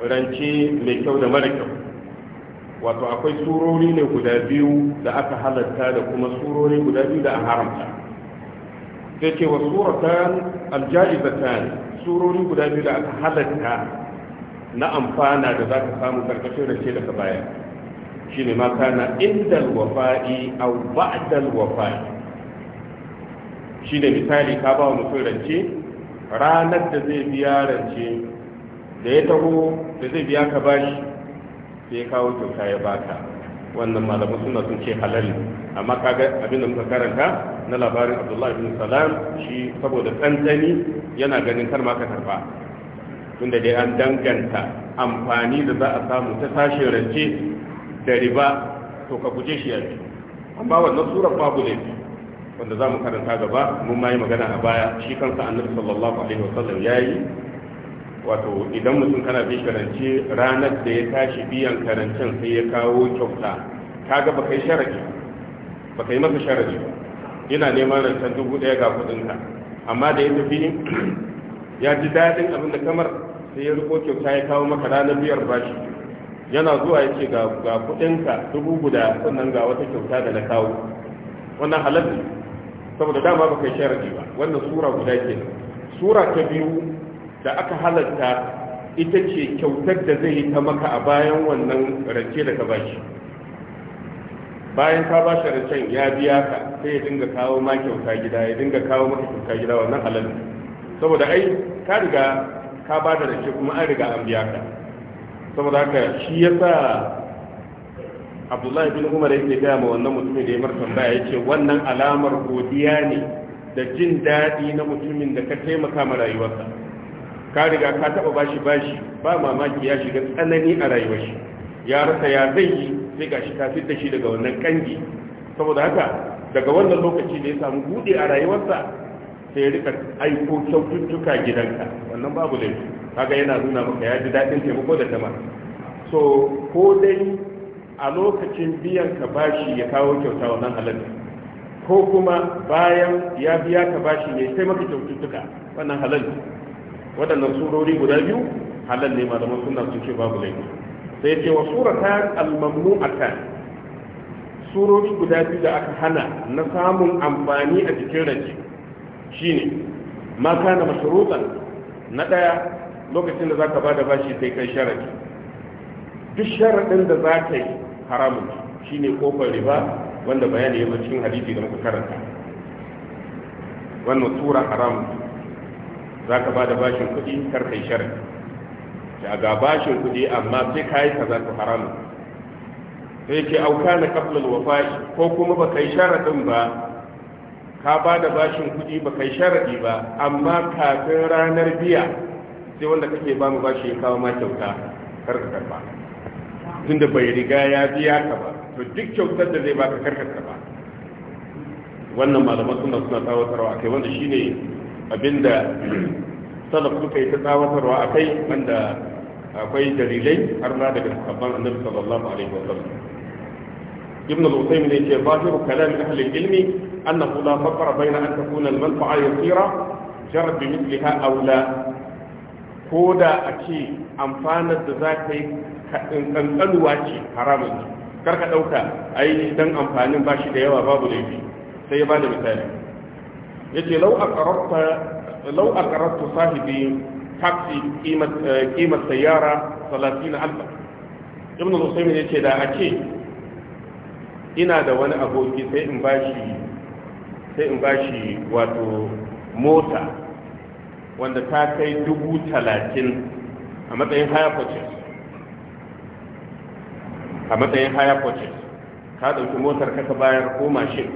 rance mai kyau da mara kyau wato akwai surori ne guda biyu da aka halatta da kuma surori guda biyu da a haramta sai ce wa suratan aljaibatan surori guda biyu da aka halatta na amfana da za ka samu karkashin rashe daga baya shine ma kana indal wafa'i aw ba'dal wafa'i ne misali ka ba wa mutum rance ranar da zai biya rance da ya taho da zai biya ka bashi sai ya kawo kyauta ya baka wannan malamu suna sun ce halal amma kaga abin da muka karanta na labarin abdullahi bin salam shi saboda tsantsani yana ganin kar ma ka karba tunda dai an danganta amfani da za a samu ta sashen rance da riba to ka guje shi yanzu amma wannan surar babu ne wanda za mu karanta gaba mun ma yi magana a baya shi kansa annabi sallallahu alaihi wasallam ya yi wato idan mutum kana bin karance ranar da ya tashi biyan karancen sai ya kawo kyauta ga baka yi sharadi baka yi masa sharadi ba yana neman rancen dubu daya ga kudinka amma da ya tafi ya ji daɗin abin da kamar sai ya riko kyauta ya kawo maka ranar biyar bashi yana zuwa ya ce ga kudinka dubu guda sannan ga wata kyauta da na kawo wannan halatta saboda dama baka yi sharadi ba wannan sura guda ke sura ta biyu da aka halatta ita ce kyautar da zai yi ta maka a bayan wannan rance da ka bashi bayan ka ba shi rancen ya biya ka sai ya dinga kawo ma kyauta gida ya dinga kawo maka kyauta gida wannan halal saboda ai ka riga ka ba da rance kuma an riga an biya ka saboda haka shi ya sa abdullahi bin umar yake gaya ma wannan mutumin da ya martan tambaya ya ce wannan alamar godiya ne da jin daɗi na mutumin da ka taimaka ma rayuwarsa ka riga ka taba bashi bashi ba mamaki ya shiga tsanani a rayuwar shi ya rasa ya zai yi sai ga shi tafi da shi daga wannan kangi saboda haka daga wannan lokaci da ya samu buɗe a rayuwarsa sai ya rika aiko kyaututtuka gidanka wannan babu laifi kaga yana nuna maka ya ji daɗin taimako da tama so ko dai a lokacin biyan ka bashi ya kawo kyauta wannan halatta ko kuma bayan ya biya ka bashi ne sai maka kyaututtuka wannan halal waɗannan surori guda biyu halal ne malaman sunna sun ce babu laifi sai ce wa surata al-mamnu'ata surori guda biyu da aka hana na samun amfani a cikin rance shine ma kana mashrutan na ɗaya lokacin da zaka bada bashi sai kai sharadi duk sharadin da zaka yi haramun shine kofar riba wanda bayani ya cikin hadisi da muka karanta wannan sura haramun za ka ba da bashin kuɗi kar shirin shari da ga bashin kuɗi amma sai ka yi ka za ka haramu sai ke auka na kaflin wafa'i ko kuma ba kai sharaɗin ba ka ba da bashin kuɗi ba kai sharaɗi ba amma kafin ranar biya sai wanda kake ba mu bashi ya kawo ma kyauta kar ka karba tunda bai riga ya biya ka ba to duk kyautar da zai baka ka ka karba wannan malaman suna suna tsawatarwa kai wanda shine abinda salaf suka yi ta tsawatarwa a kai wanda akwai dalilai har na daga sahabban annabi sallallahu alaihi wasallam ibn al-usaymin ne ce zahiru kalam ahli ilmi annahu la farqa bayna an takuna al-manfa'a yasira jarab bi mithliha aw la ko da a ce amfanar da za ka yi kankanuwa ce haramun kar ka ɗauka ai dan amfanin ba shi da yawa babu laifi sai ya ba da misali yace law aqrabta law aqrabtu sahibi taxi qimat eh, qimat sayyara 30000 ibn al-usaymin yace da ake ce ina da wani aboki sai in bashi sai in bashi wato mota wanda ta kai dubu talatin a matsayin haya purchase a matsayin haya purchase ka ɗauki motar kasa bayar ko mashin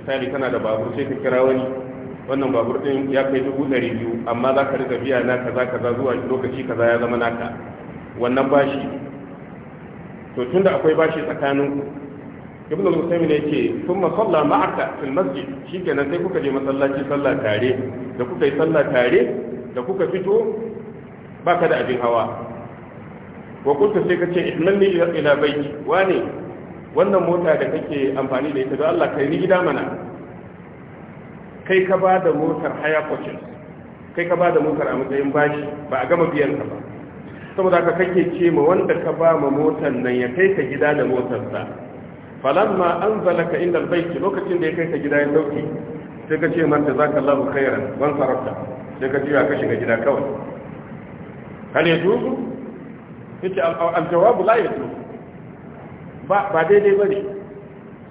misali kana da babur sai ka kira wani wannan babur din ya kai dubu ɗari biyu amma za ka rika biya na kaza kaza zuwa lokaci kaza ya zama naka wannan bashi to tunda akwai bashi tsakanin ku ibn al-husayn ne yake thumma salla ma'aka fil masjid shikenan sai kuka je masallaci sallah tare da kuka yi sallah tare da kuka fito baka da abin hawa wa kuka sai kace ihmalni ila baiti wani wannan mota da kake amfani da ita don Allah kai ni gida mana kai ka ba da motar haya kwacin kai ka ba da motar a matsayin bashi ba a gama biyan ka ba saboda haka kake ce ma wanda ka ba ma motar nan ya kai ka gida da motar sa falamma anzalaka inda albayti lokacin da ya kai ka gida ya dauki sai ka ce ka zakallahu khairan ban sarafta sai ka juya ka shiga gida kawai hal yajuzu yace al-jawabu la yajuzu ba ba daidai bane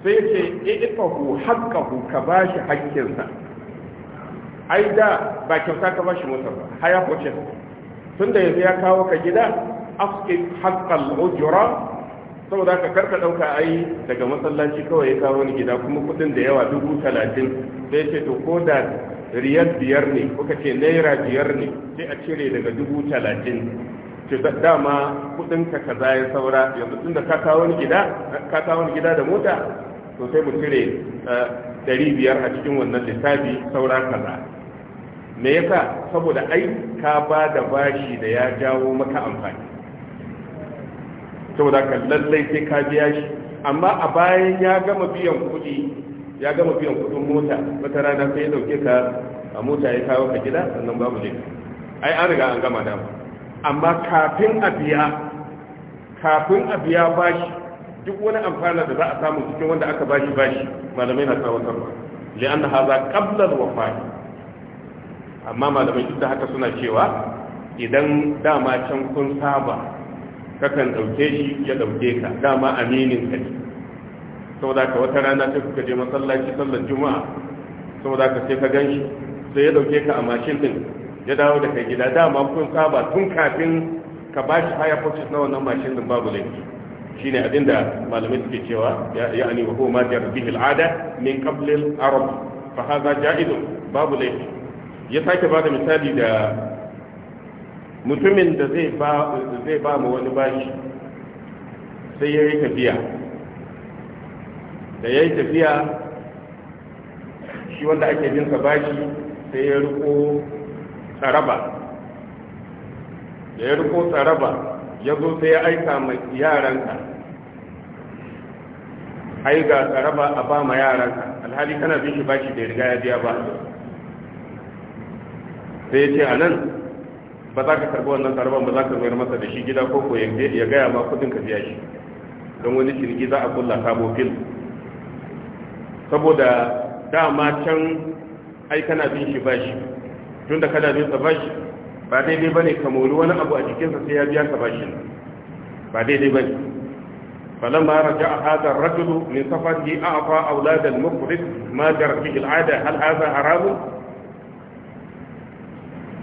sai yace e ifahu haqqahu ka bashi haƙƙinsa ai da ba kyauta ka shi motar ba haya tun tunda yanzu ya kawo ka gida afki haqqal ujra saboda ka karka ɗauka ai daga masallaci kawai ya kawo ni gida kuma kudin da yawa dubu talatin sai ce to ko da riyal biyar ne kuka ce naira biyar ne sai a cire daga dubu talatin ce dama kudin ka kaza ya saura yanzu tun da ka kawo ni gida da mota to sai mu cire eh, ɗari biyar a cikin wannan lissafi saura kaza me yasa saboda ai ka ba da bashi da ya jawo maka amfani saboda ka lallai sai ka biya shi amma a bayan ya gama biyan kuɗi ya gama biyan kuɗin mota wata rana sai ya dauke ka a mota ya kawo ka gida sannan babu ne ai an riga an gama dama amma kafin a biya kafin a biya bashi duk wani amfana da za a samu cikin wanda aka bashi bashi malamai na tsawatarwa li'anna hadha qabla al wafa amma malamai duk da haka suna cewa idan dama can kun saba kakan ɗauke shi ya ɗauke ka dama aminin ka ne saboda ka wata rana sai kuka je masallaci sallar juma'a saboda ka sai ka gan shi sai ya ɗauke ka a mashin din ya dawo da kai gida dama kun saba tun kafin ka ba shi haya purchase na wannan mashin din babu laifi Shi ne abin da malamai suke cewa ya ani wa kuma ma jarbihi al'ada min qabl al-arab fa hadha ja'id babu laifi ya sake ba da misali da mutumin da zai ba mu wani bashi sai ya yi tafiya da ya yi tafiya shi wanda ake jinsa bashi sai ya riko tsaraba da ya riko tsaraba ya zo sai ya aika mai yaranka ai ga tsaraba a ba ma yaranka alhali kana bin shi bashi da ya riga ya biya ba sai ya ce a nan ba za ka karɓi wannan karban ba za ka mayar masa da shi gida ko ko ya gaya ma kudin ka biya shi don wani ciniki za a kulla sabo fil saboda dama can ai kana bin shi ba shi tun da kana bin sa ba shi ba daidai ba ne ka mori wani abu a jikinsa sai ya biya ka bashi ba daidai ba bane فلما رجع هذا الرجل من سفره أعطى أولاد المفرد ما جرت به العادة هل هذا حرام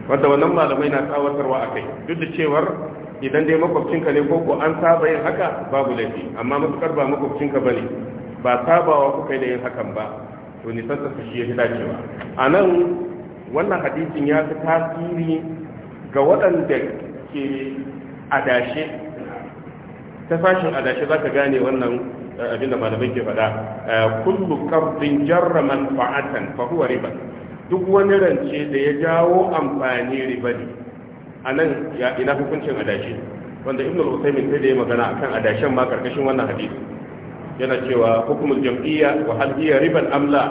wanda wannan malamai na tsawatarwa a kai duk da cewar idan dai makwabcinka ne ko ko an saba yin haka babu laifi amma matukar ba makwabcinka ba ne ba sabawa ku kai da yin hakan ba to nisan ta shi ya fi dacewa a nan wannan hadisin ya fi tasiri ga waɗanda ke adashe ta fashin adashe za ka gane wannan eh, abin da malamai ke faɗa eh, kullu kafin jarra manfa'atan fa riba duk wani rance da ya jawo amfani riba ne a nan ya ina hukuncin adashi wanda ibn al-usaymin sai da ya magana akan adashin ma karkashin wannan hadisi yana cewa hukumul jam'iyya wa hal riban amla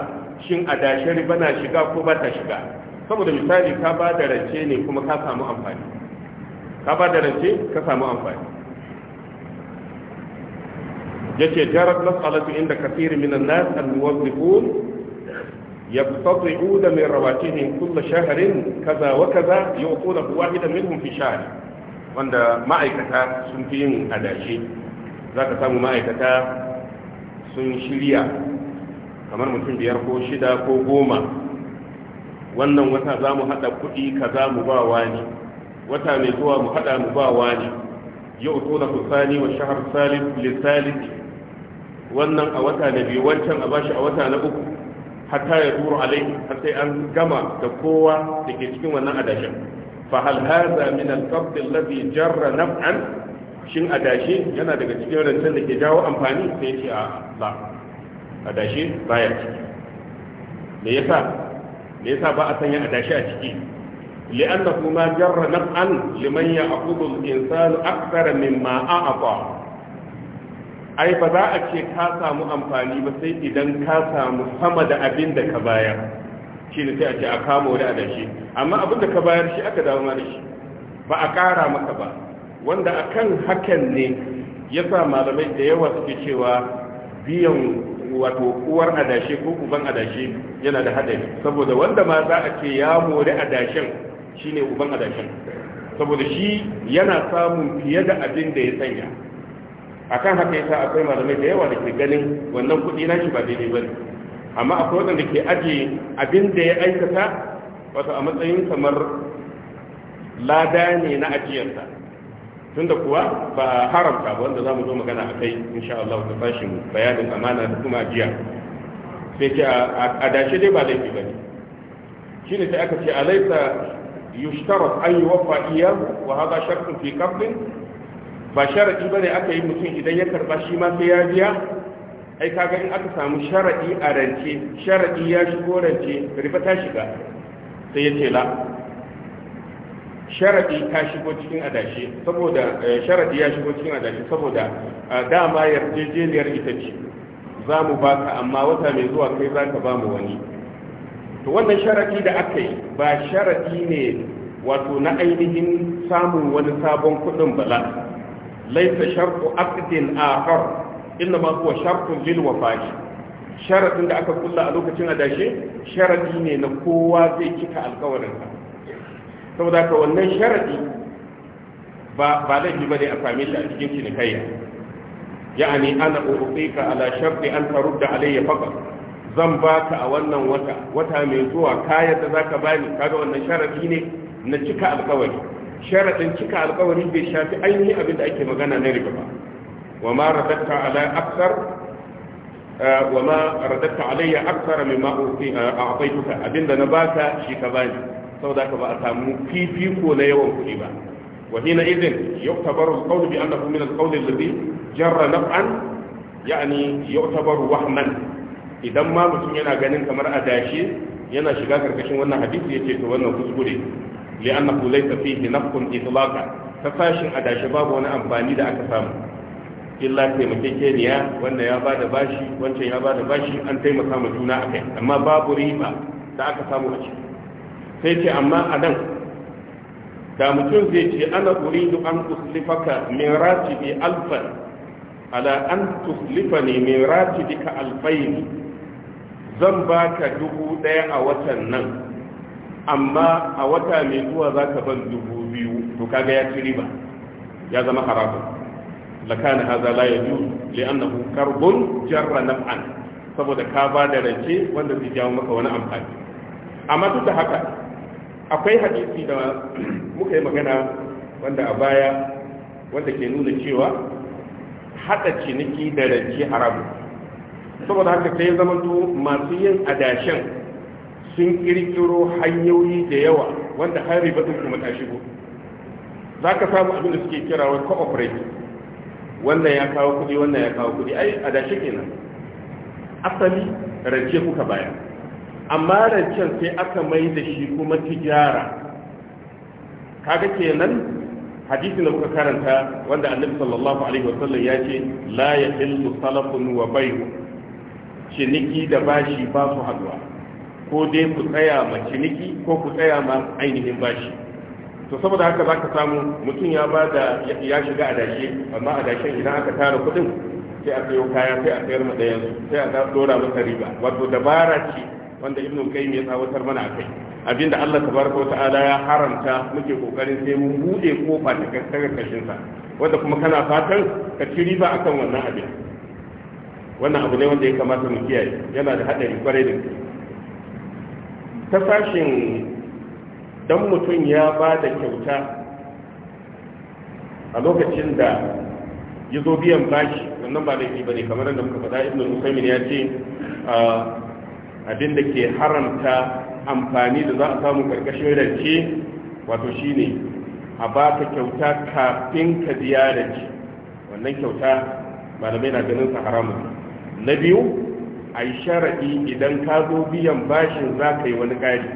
shin adashin riba na shiga ko ba ta shiga saboda misali ka ba da rance ne kuma ka samu amfani ka ba da rance ka samu amfani yace jarat nas'alatu inda kathirin minan nas al-muwazzifun يقتطعون من رواتبهم كل شهر كذا وكذا يعطونه واحدا منهم في شهر وأن مa'aikata sun fi yin adashi za ka samu ma'aikata sun shirya kamar mutum biyar ko shida ko goma wannan wata za mu haɗa kuɗi ka za mu ba wani wata mai zuwa mu haɗa mu ba wani yau to da kusani wa shahar salif lissalisi wannan a wata na biyu wancan a bashi a wata na uku hatta ya duru alaihi har sai an gama da kowa da ke cikin wannan adashin fa hal min al qabd alladhi jarra naf'an shin adashi yana daga cikin rancen da ke jawo amfani sai ce a ba adashi baya ciki me yasa me yasa ba a sanya adashi a ciki li'annahu ma jarra naf'an liman ya'khudhu al-insanu akthara mimma a'ata ai ba za a ce ka samu amfani ba sai idan ka samu sama da abin da ka bayar shi ne sai a ce a kama wani adashi amma abin da ka bayar shi aka dawo mana shi ba a ƙara maka ba wanda akan hakan ne ya sa malamai da yawa suke cewa biyan wato uwar adashe ko uban adashe yana da hadari saboda wanda ma za a ce ya mori adashin shine uban adashin saboda shi yana samun fiye da abin da ya sanya akan haka yasa akwai malamai da yawa da ke ganin wannan kuɗi na shi ba daidai ne. amma akwai wanda ke aje abin da ya aikata wato a matsayin kamar lada ne na ajiyarsa tunda kuwa ba haramta ba wanda za mu zo magana a kai insha Allah ta fashin bayanin amana da kuma ajiya sai ce a dashe dai ba laifi ba shi ne sai aka ce a alaisa yushtarar an wafa iya wa haɗa shartun fi kafin? ba sharaɗi ba ne aka yi mutum idan ya karɓa shi ma sai ya biya ai kaga in aka samu sharaɗi a rance sharaɗi ya shigo rance riba ta shiga sai ya ce la sharaɗi ta shigo cikin adashi saboda eh, sharaɗi ya shigo cikin adashi saboda eh, dama yarjejeniyar ita ce za mu baka amma wata mai zuwa kai za ka ba mu wani to wannan sharaɗi da aka yi ba sharaɗi ne wato na ainihin samun wani sabon kuɗin bala laisa shartu aqdin akhar inma huwa shartun lil wafa'i sharadin da aka kulla a lokacin adashe sharadi ne na kowa zai cika alkawarin sa saboda ka wannan sharadi ba ba laifi a same shi a cikin cinikayya ya'ani ana uqika ala sharti an tarudda da faqat zan baka a wannan wata wata mai zuwa kayan da zaka bani kaga wannan sharadi ne na cika alkawari sharaɗin cika alkawari bai shafi ainihin abin da ake magana na riba ba wa ma radatta ala aksar eh, wa ma radatta alayya aksara a ma eh, a'taituka abinda na ba baka shi ka bani da ka ba a samu fifiko na yawan kuɗi ba wa hina idin yuktabaru alqawl bi annahu min alqawl alladhi jarra naf'an ya'ani yani yuktabaru wahman idan ma mutum yana ganin kamar adashi yana shiga karkashin wannan hadisi ya ce to wannan kuskure li'annahu laysa fihi nafqun itlaqan ta fashin adashi babu wani amfani da aka samu illa taimakekeniya wanda ya ba da bashi wancan ya ba da bashi an taimaka ma juna akai amma babu riba da aka samu a sai ce amma a nan da mutum zai ce ana uridu an tuslifaka min ratibi alfan ala an tuslifani min ratibika alfaini zan baka dubu daya a watan nan amma a wata mai zuwa za ka ban dubu biyu to kaga ya ci riba ya zama haramun lakana haza la ya li annahu karbun jarra naf'an saboda ka ba da rance wanda zai jawo maka wani amfani amma duk da haka akwai hadisi da muka yi magana wanda a baya wanda ke nuna cewa haɗa ciniki da rance haramun saboda haka sai zamanto masu yin adashen sun kirkiro hanyoyi da yawa wanda har riba din kuma ta shigo za ka samu abin da suke kira wa cooperative wannan ya kawo kuɗi wannan ya kawo kuɗi ai a dashi kenan asali rance kuka bayar amma rancen sai aka mai da shi kuma tijara kaga kenan hadisi da muka karanta wanda annabi sallallahu alaihi wasallam ya ce la yahillu salafun wa bai'u ciniki da bashi ba su haduwa ko dai ku tsaya ma ciniki ko ku tsaya ma ainihin bashi to saboda haka za ka samu mutum ya ba ya shiga adashe amma adashin idan aka tara kuɗin sai a sayo kaya sai a sayar ma ɗayan sai a dora masa riba wato dabara ce wanda ibnu qayyim ya tsawatar mana akai abinda Allah tabaraka wata'ala ya haramta muke kokarin sai mun bude kofa ta kakkar kashin sa wanda kuma kana fatan ka ci riba akan wannan abin wannan abu ne wanda ya kamata mu kiyaye yana da hadari kwarai da gaske ta fashin don mutum ya ba da kyauta a lokacin da ya zo biyan bashi wannan ba laifi ba ne kamar da muka faɗa ibn musamman ya ce abin ke haramta amfani da za a samu karkashin rance wato shi ne. a ba ka kyauta kafin ka biya rance wannan kyauta malamai na ganin sa haramun na biyu a yi idan ka zo biyan bashin za ka yi wani ƙari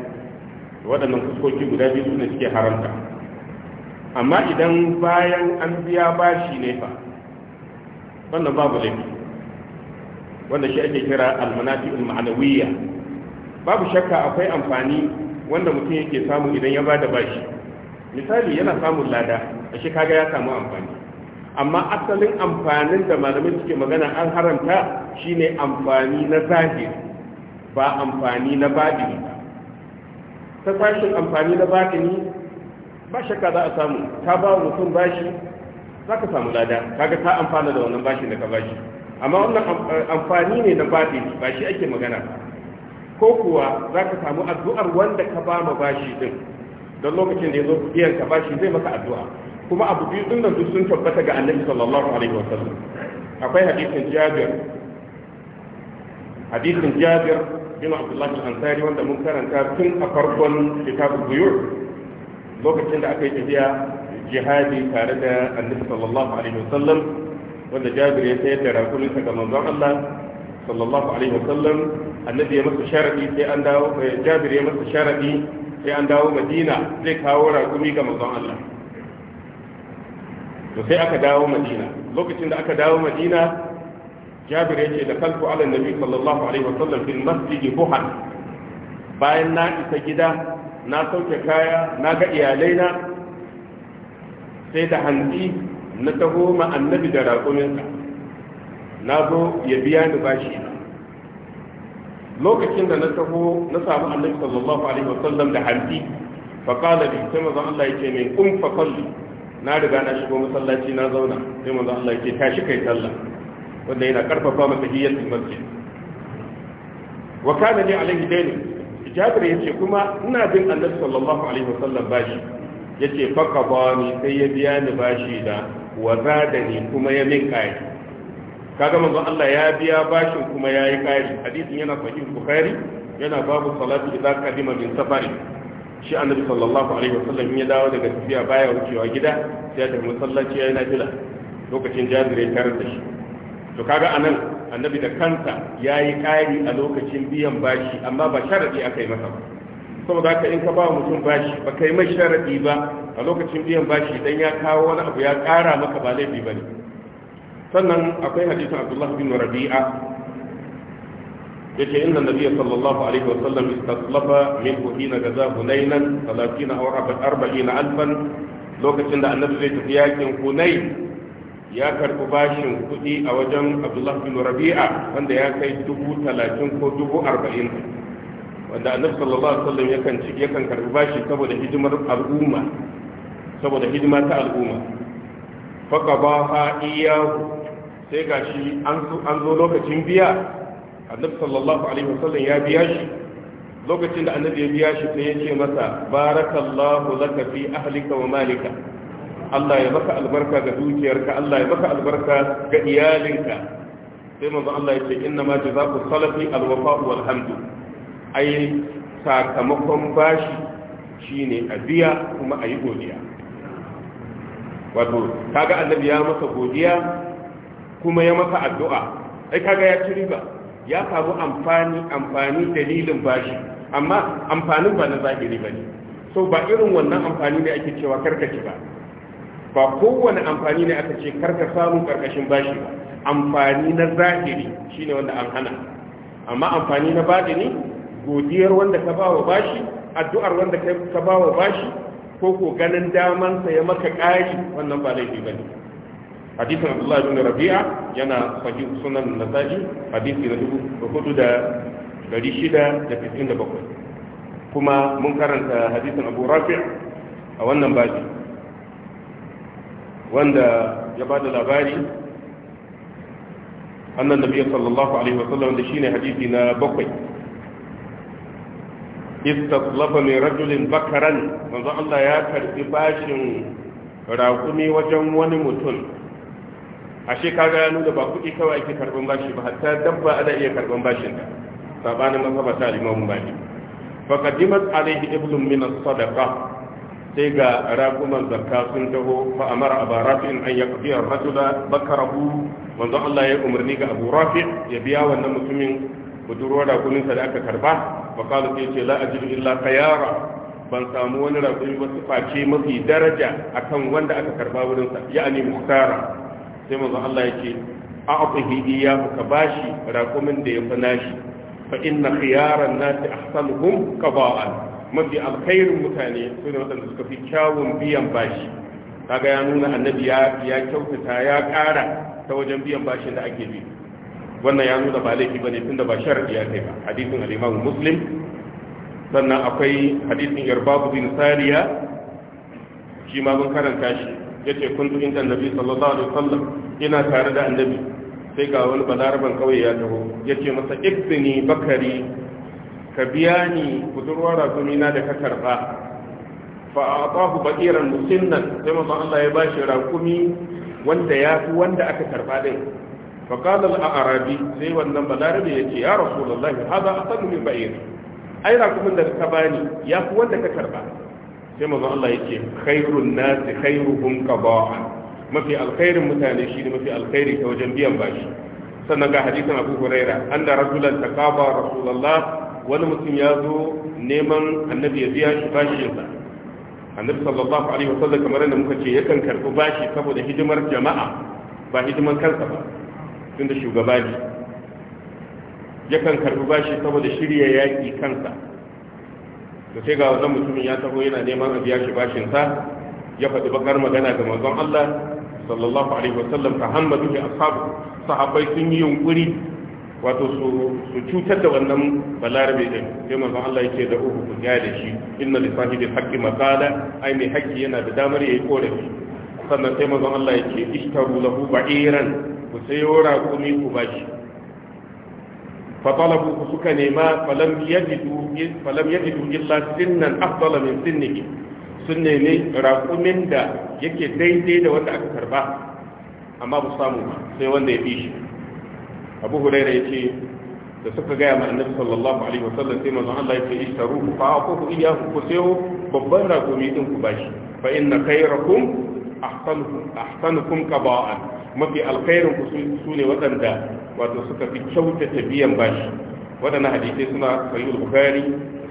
waɗannan fuskoki guda biyu suna suke haramta amma idan bayan an biya bashi ne fa wannan babu laifi wanda shi ake kira almanafi'ul ma'anawiyya babu shakka akwai amfani wanda mutum yake samu idan ya bada bashi misali yana samun lada a shi kaga ya samu amfani amma asalin amfanin da malamai suke magana an haramta shine amfani na zahiri ba amfani na baɗini ba ta sashin amfani na baɗini ba shakka za a samu ta ba mutum bashi za ka samu lada kaga ta amfana da wannan bashi da ka bashi amma wannan eh, amfani ne na baɗini ba shi ake magana ko kuwa za ka samu addu'ar wanda ka ba ma bashi din don lokacin da ya zo biyan ka bashi zai maka addu'a kuma abu biyu din nan sun tabbata ga annabi sallallahu alaihi wa sallam akwai hadisin jabir hadisin jabir bin abdullahi al-ansari wanda mun karanta tun a farkon kitabul buyur lokacin da aka yi tafiya jihadi tare da annabi sallallahu alaihi wa sallam wanda jabir ya sayar da rakulinsa ga manzon Allah sallallahu alaihi wa sallam annabi ya masa sharadi sai an dawo eh, jabir ya masa sharadi sai an dawo madina zai kawo rakumi ga manzon Allah to sai aka dawo madina lokacin da aka dawo madina jabir yace da kalku ala nabi sallallahu alaihi wa sallam fil masjid buhan bayan na isa gida na sauke kaya na ga iyalaina sai da hanzi na taho ma annabi da raƙuminsa na zo ya biya ni bashi lokacin da na taho na samu annabi sallallahu alaihi wa sallam da hanzi fa qala bi sai manzon Allah yake min kum fa na riga na shigo masallaci na zauna sai manzo Allah yake tashi kai sallah wanda yana karfafa masa hiyyatul masjid wa kana li alaihi dayn Jabir yace kuma ina bin Annabi sallallahu alaihi wasallam bashi yace faka bani sai ya biya ni bashi da wa zadani kuma ya min kai kaga manzo Allah ya biya bashin kuma yayi kai hadisin yana sahih Bukhari yana babu salati idza qadima min safari shi annabi sallallahu alaihi wasallam ya dawo daga tafiya baya wucewa gida sai ya tafi masallaci ya yi nafila lokacin jabir ya da shi to kaga anan annabi da kansa ya yi ƙari a lokacin biyan bashi amma ba sharadi aka yi masa ba saboda haka in ka ba mutum bashi ba kai mai sharadi ba a lokacin biyan bashi dan ya kawo wani abu ya ƙara maka ba laifi ba ne sannan akwai hadisin abdullahi bin rabi'a yace inna nabiyya sallallahu alaihi wa sallam istaslafa min hina gaza hunainan 30 aw 40 alfan lokacin da annabi zai tafi yakin hunai ya karbi bashin kudi a wajen abdullah bin rabi'a wanda ya kai dubu talatin ko dubu arba'in wanda annabi sallallahu alaihi wasallam yakan ci yakan karbi bashi saboda hidimar al'umma saboda hidima ta al'umma faqabaha iyahu sai gashi an zo lokacin biya annabi sallallahu alaihi wasallam ya biya shi lokacin da annabi ya biya shi sai ya ce masa barakallahu laka fi ahlika wa malika Allah ya maka albarka ga dukiyarka Allah ya maka albarka ga iyalinka sai manzo Allah ya ce inna ma jazaa'u salafi alwafa'u wal ai sakamakon bashi shine a biya kuma yi godiya wato kaga annabi ya masa godiya kuma ya masa addu'a ai kaga ya ci riba ya samu amfani amfani dalilin bashi amma amfanin ba na zahiri ba ne so ba irin wannan amfani ne ake cewa karkace ba ba kowane amfani ne aka ce karka samu karkashin bashi ba amfani na zahiri shi ne wanda an hana amma amfani na bada ne godiyar wanda ka ba wa bashi addu'ar wanda ka ba wa bashi ko ko ganin damansa ya maka ƙari wannan ba laifi ba ne hadisin abdullahi bin rabi'a yana sahih sunan nasa'i hadisi na dubu hudu da dari shida da fitin da bakwai kuma mun karanta hadisin abu rafi a wannan baji wanda ya ba da labari annan nabiya sallallahu alaihi wa wasallam da shine hadisi na bakwai istaslafa min rajulin bakaran manzo Allah ya karbi bashin raƙumi wajen wani mutum ashe ka ya da ba kuɗi kawai ake karɓan bashi ba hatta dabba ana iya karɓan bashin ta sabanin ba ta limamu mali fa qaddimat alayhi iblun min as-sadaqa sai ga raguman zakka sun taho fa amara aba rafi'in an ya ar-rajula bakarahu manzo Allah ya umarni ga Abu Rafi' ya biya wannan mutumin budurwar rakumin sa da aka karba fa qala sai ce la ajidu illa khayara ban samu wani rakumi ba su face mafi daraja akan wanda aka karba wurin sa ya'ani muhtara sai manzo Allah yake a'tihi iyyahu ka bashi raqumin da ya fana shi fa inna khiyaran nasi ahsanuhum qada'an mafi alkhairin mutane sune wadanda suka fi kyawun biyan bashi kaga ya nuna annabi ya ya kyautata ya kara ta wajen biyan bashin da ake bi wannan ya nuna ba laifi bane tunda ba sharadi ya kai ba hadisin al-Imam Muslim sannan akwai hadisin Irbab bin Sariya shi ma mun karanta shi Ya yace kuntu inda annabi sallallahu alaihi wasallam ina tare da annabi sai ga wani balaraban kauye ya taho Ya ce masa ibni bakari ka biya ni budurwa razumi na da ka karba fa atahu bakiran musinnan sai manzo Allah ya ba shi rakumi wanda ya fi wanda aka karba din fa kalal a arabi sai wannan balarabe yace ya haza a sanu min ba'ir ai rakumin da ka bani ya fi wanda ka karba sai mazan Allah yake khairun nasi khairuhum qada'a mafi alkhairin mutane shi ne mafi alkhairi ta wajen biyan bashi sannan ga hadisin Abu Huraira anda rajulan taqaba rasulullah wani mutum ya zo neman annabi ya biya shi bashinsa annabi sallallahu alaihi wasallam kamar yadda muka ce yakan karbi bashi saboda hidimar jama'a ba hidimar kansa ba tunda shugaba ne yakan karbi bashi saboda shirya yaƙi kansa da sai ga wannan mutumin ya taho yana neman a biya shi bashin sa ya faɗi bakar magana ga manzon Allah sallallahu alaihi sallam ta hammadu bi ashabu sahabbai sun yi yunkuri wato su su cutar da wannan balarabe din sai manzon Allah yake da uku ku ya da shi inna li sahibi haqqi maqala ai mai haƙƙi yana da damar yayi korafi sannan sai manzon Allah yake ishtaru lahu ba'iran ku sayo raƙumi ku bashi fatalabu suka nema falam yajidu falam yajidu illa sinnan afdala min sinnihi sun nemi raƙumin da yake daidai da wanda aka karba amma ba samu ba sai wanda ya fi shi abu ya ce da suka gaya ma annabi sallallahu alaihi wasallam sai manzon Allah ya ce ishtaruhu fa aquhu iyyahu ku sayo babban raƙumi din ku bashi fa inna khayrakum ahsanukum ahsanukum qaba'an mafi alkhairin ku su ne waɗanda wato suka fi kyautata biyan bashi waɗannan hadisai suna sahihul bukhari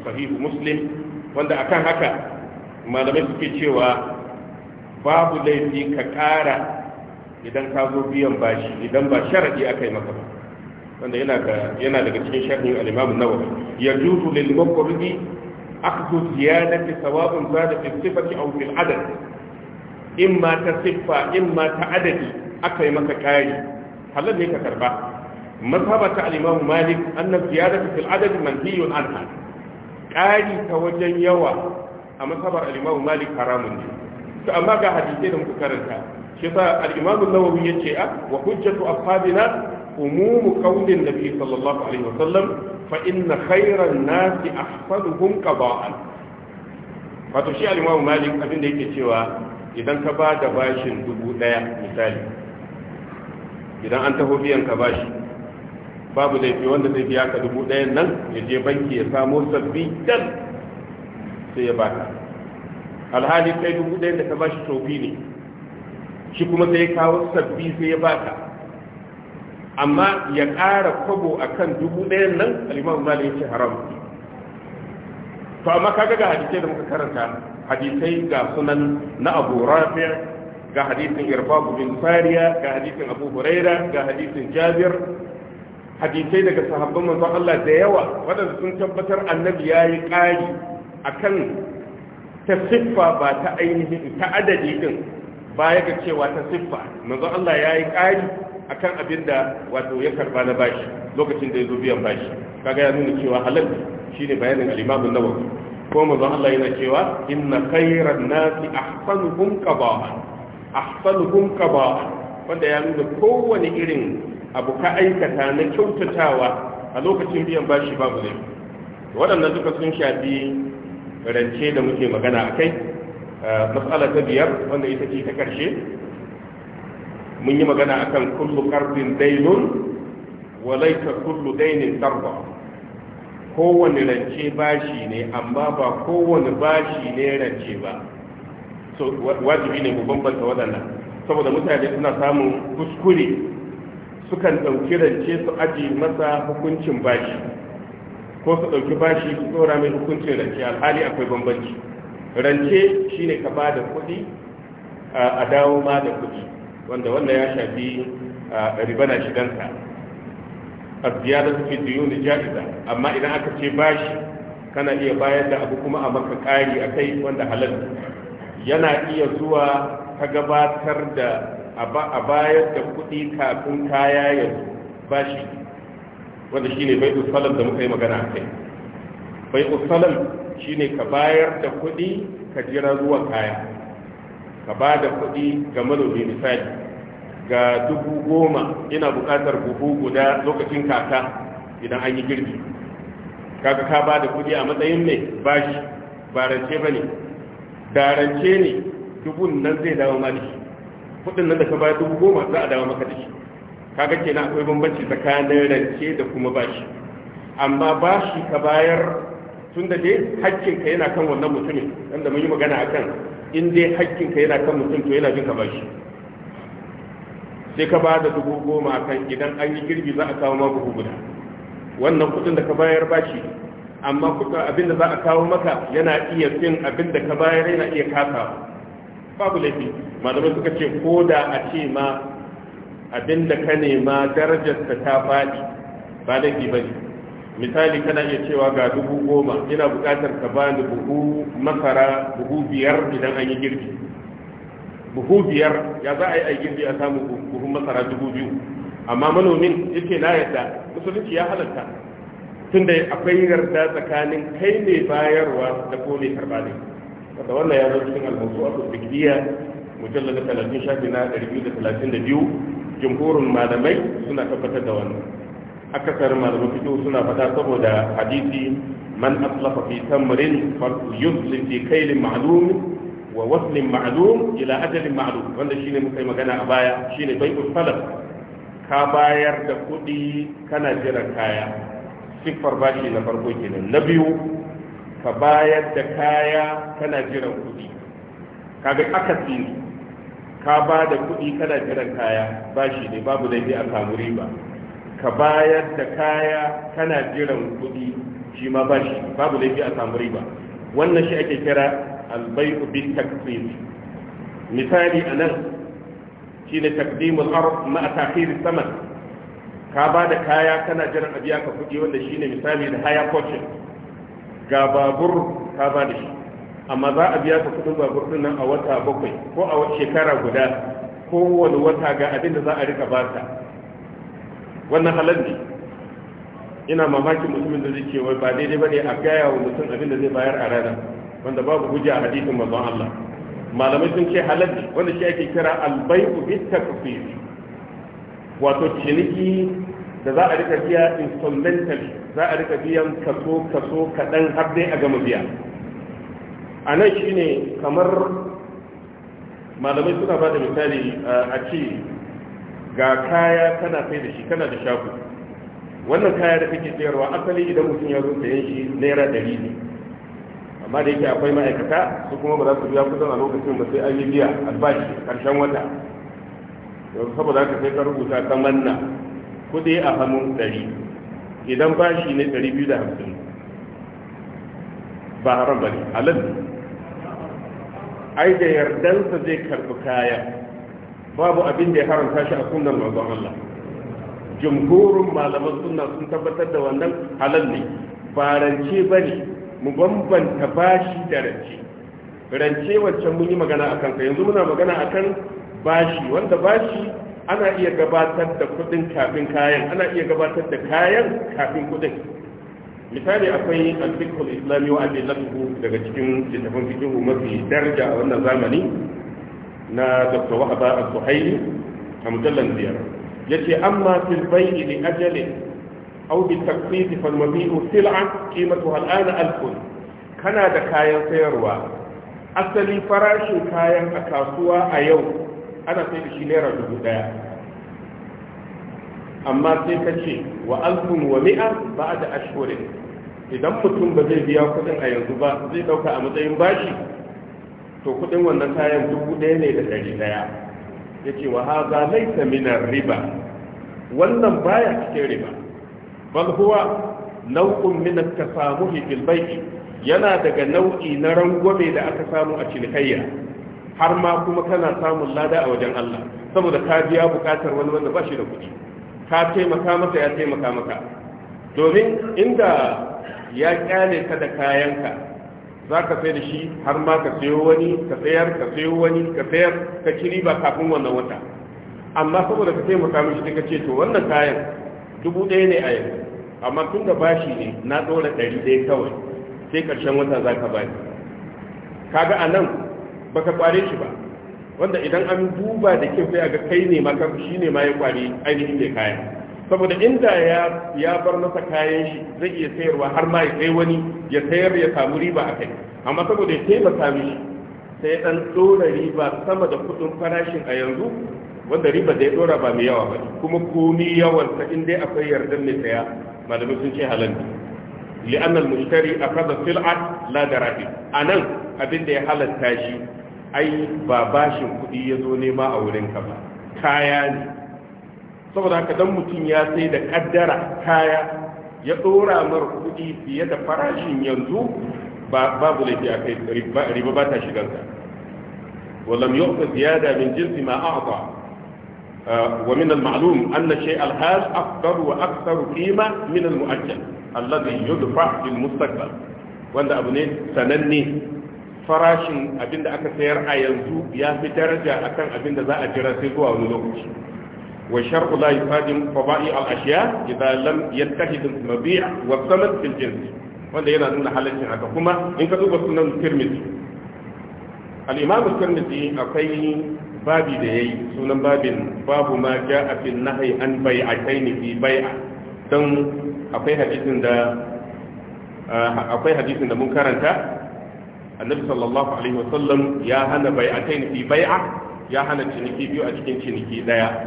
sahihu muslim wanda akan haka malamai suke cewa babu laifi ka ƙara idan ka zo biyan bashi idan ba sharadi aka yi maka ba wanda yana daga cikin sharhin al-imam an-nawawi yajuzu lil muqridi akhdhu ziyadati sawa'un zada fi sifati aw fil adad in ma ta siffa in ma ta adadi aka yi masa kari halal ne ka karba mazhaba ta al-imam malik annab ziyadatu fil adad manhiyun anha kari ta wajen yawa a mazhabar al-imam malik haramun ne to amma ga hadisi da muka karanta shi sa al-imam an-nawawi yace a wa hujjatu ashabina umum qawlin nabi sallallahu alaihi wa sallam, fa inna khayran nasi ahsanuhum qada'an wato shi al malik abin da yake cewa idan ka ba da bashin dubu ɗaya misali idan an taho biyan ka bashi babu laifi wanda zai biya ka dubu ɗaya nan ya je banki ya samo sabbi dan sai ya baka alhali kai dubu ɗaya da ka bashi tofi ne shi kuma sai ya kawo sabbi sai ya baka amma ya ƙara kwabo a kan dubu ɗaya nan alimamu mali ya ce haram to amma kaga ga hadisai da muka karanta hadisai ga sunan na abu rafi ga hadisin irbabu bin fariya ga hadisin abu huraira ga hadisin jabir hadisai daga sahabban manzon Allah da yawa waɗanda sun tabbatar annabi ya yi ƙari kan ta siffa ba ta ainihin ta adadi din baya ga cewa ta siffa manzon Allah ya yi ƙari akan abin da wato ya karba na bashi lokacin da ya zo biyan bashi kaga ya nuna cewa halal shine bayanin al-Imam nawawi ko zan Allah yana cewa inna khayran nasi ahsanuhum qaba'a ahsanuhum qaba'a wanda ya nuna kowane irin abu ka aikata na kyautatawa a lokacin biyan bashi babu ne waɗannan duka sun shafi rance da muke magana a kai eh, matsala ta biyar wanda ita ce ta karshe mun yi magana akan kullu karbin dainun walaita kullu dainin karba kowane rance bashi ne amma ba kowane bashi ne rance ba so wajibi ne mu bambanta waɗannan saboda mutane suna samun kuskure sukan ɗauki rance su aji masa hukuncin bashi ko su ɗauki bashi su tsora mai hukuncin rance alhali akwai bambanci rance shine ka ba da kuɗi a dawo ma da kuɗi wanda wannan ya shafi riba na shigansa az suke fi da ja'iza amma idan aka ce bashi kana iya bayar da abu kuma a maka kari akai wanda halal yana iya zuwa ka gabatar da a bayar da kuɗi kafin kaya ya bashi wanda shine bai usalam da muka yi magana a kai bai usalam shine ka bayar da kuɗi ka jira zuwa kaya ka ba da kuɗi ga manomi misali ga dubu goma ina buƙatar buhu guda lokacin kaka idan an yi girbi Kaka ka ba da kuɗi a matsayin mai bashi ba rance ba ne da rance ne dubun nan zai dawo ma da shi kuɗin nan da ka ba dubu goma za a dawo maka da shi Kaka ke na akwai bambanci tsakanin rance da kuma bashi amma bashi ka bayar tun da dai hakkinka yana kan wannan mutumin wanda mun yi magana akan in dai hakkinka yana kan mutum to yana jin ka bashi sai ka ba da dubu goma kan idan an yi girbi za a kawo ma buhu wannan kudin da ka bayar ba shi amma kudin abin da za a kawo maka yana iya fin abin da ka bayar yana iya kasa babu laifi malamai suka ce ko da a ce ma abin da ka nema darajar ta faɗi ba laifi ba ne misali kana iya cewa ga dubu goma yana buƙatar ka ba ni buhu masara buhu biyar idan an yi girgi buhu biyar ya za a yi aikin biya samun buhun masara dubu biyu amma manomin yake na yadda musulunci ya halatta tunda akwai yarda tsakanin kai ne bayarwa da ko ne karba ne wannan ya zo cikin alhasu a tusbikiya mujallar da talatin shafi na ɗari biyu da talatin da biyu jumhurin malamai suna tabbatar da wannan akasar malamai fito suna fata saboda hadisi man aslafa fi tamrin fa yuslim fi kailin ma'lumin wa wasnin ma'lum ila ajalin ma'lum wanda shine muka yi magana a baya shine bai'ul falak ka bayar da kuɗi kana jiran kaya siffar bashi na farko kenan na biyu ka bayar da kaya kana jiran kuɗi kaga akasi tsini ka ba da kuɗi kana jiran kaya bashi ne babu laifi a samu riba ka bayar da kaya kana jiran kuɗi shi ma bashi babu laifi a samu riba wannan shi ake kira البيع bil takfir misali anan تقديم taqdimul مع ma الثمن saman ka ba kaya kana jira a biya ka kuɗi wanda shine misali da haya coaching ga babur ka ba da shi amma za a biya ka kuɗin babur din a wata bakwai ko a shekara guda ga rika bata wannan halal ina mamakin mutumin da zai ce wai ba daidai bane a gaya wa mutum abin da zai bayar a rana wanda babu hujja a hadisin manzon Allah malamai sun ce halal ne wanda shi ake kira albayu bit takfir wato ciniki da za a rika biya instrumental za a rika biyan kaso kaso kadan har dai a gama biya a nan shine kamar malamai suna ba da misali eh, a ce ga kaya kana sai da shi kana da shago wannan kaya da kake sayarwa asali idan mutum ya zo sayan shi naira ɗari ne amma da yake akwai ma'aikata su kuma ba za su biya kusan a lokacin ba sai an yi biya albashi karshen wata yanzu saboda haka sai ka rubuta ta manna kudi a hannun ɗari idan bashi ne ɗari biyu da hamsin ba haram ba ne halal ai da yardansa zai karɓi kaya babu abin da ya haramta shi a sunan manzon Allah jumhurin malaman sunna sun tabbatar da wannan halal ne farance ba ne mu bambanta bashi da rance rance wancan mun yi magana a kanka yanzu muna magana a kan bashi wanda bashi ana iya gabatar da kudin kafin kayan ana iya gabatar da kayan kafin kudin misali akwai al islami wa lafihu daga cikin littafin fikihu mafi daraja a wannan zamani na Dr. Wahaba al-Suhaili a mujallar biyar ce amma fil bai'i ajalin أو بالتقسيط فالمبيع سلعة قيمتها الآن ألف كان دا كاين سيروا أصلي فراش كاين أكاسوا أيو أنا سيد شنيرا جدا أما سيكتشي وألف ومئة بعد أشهر idan mutum ba zai biya kudin a yanzu ba zai dauka a matsayin bashi to kudin wannan kayan dubu ɗaya ne da ɗari ɗaya ya ce wa haza laisa minar riba wannan baya cikin riba bal huwa nau'un min al tasamuhi fil yana daga nau'i na rangwame da aka samu a cinikayya har ma kuma kana samun lada a wajen Allah saboda ka biya bukatar wani wanda ba shi da kuɗi ka taimaka masa ya taimaka maka domin inda ya kyale ka da kayanka za ka sai da shi har ma ka sayo wani ka sayar ka sayo wani ka sayar ka ciri ba kafin wannan wata amma saboda ka taimaka mishi ka ce to wannan kayan dubu ɗaya ne a yanzu, amma tun da bashi ne na ɗora ɗari ɗaya kawai sai ƙarshen wata za ka bani kaga a nan ba ka kware shi ba wanda idan an duba da kyau sai a ga kai ne ma shi ne ma ya ƙware ainihin mai kaya saboda inda ya bar masa kayan shi zai iya sayarwa har ma ya kai wani ya sayar ya samu riba a kai amma saboda ya taimaka mishi sai ɗan ɗora riba sama da kuɗin farashin a yanzu wanda riba da ya dora ba mai yawa ba kuma komi yawan ta in dai akwai yarda mai saya malamai sun ce halal ne li'annal mushtari akhadha sil'at la darabi anan abin da ya halatta shi ai ba bashin kuɗi ya zo nema a wurin ka ba kaya ne saboda haka dan mutum ya sai da kaddara kaya ya dora mar kuɗi fiye da farashin yanzu babu laifi a kai riba ba ta shigansa ولم يعطى زيادة من جنس ما أعطى ومن المعلوم أن شيء الحال أكثر وأكثر قيمة من المؤجل الذي يدفع في المستقبل وأن أبنين سنني farashin abin aka sayar a yanzu ya fi daraja akan abinda da za a jira sai zuwa wani lokaci wa shar'u la yufadim fada'i al-ashiya idza lam yattahid al-mabi' wa thaman fil wanda yana kuma in ka duba sunan babi da yayi sunan babin babu ma ja a fi nahai an bai'ataini fi bai'a don akwai hadisin da ah, akwai hadisin da mun karanta annabi sallallahu alaihi wasallam ya hana bai'ataini fi bai'a ya hana ciniki biyu a cikin ciniki daya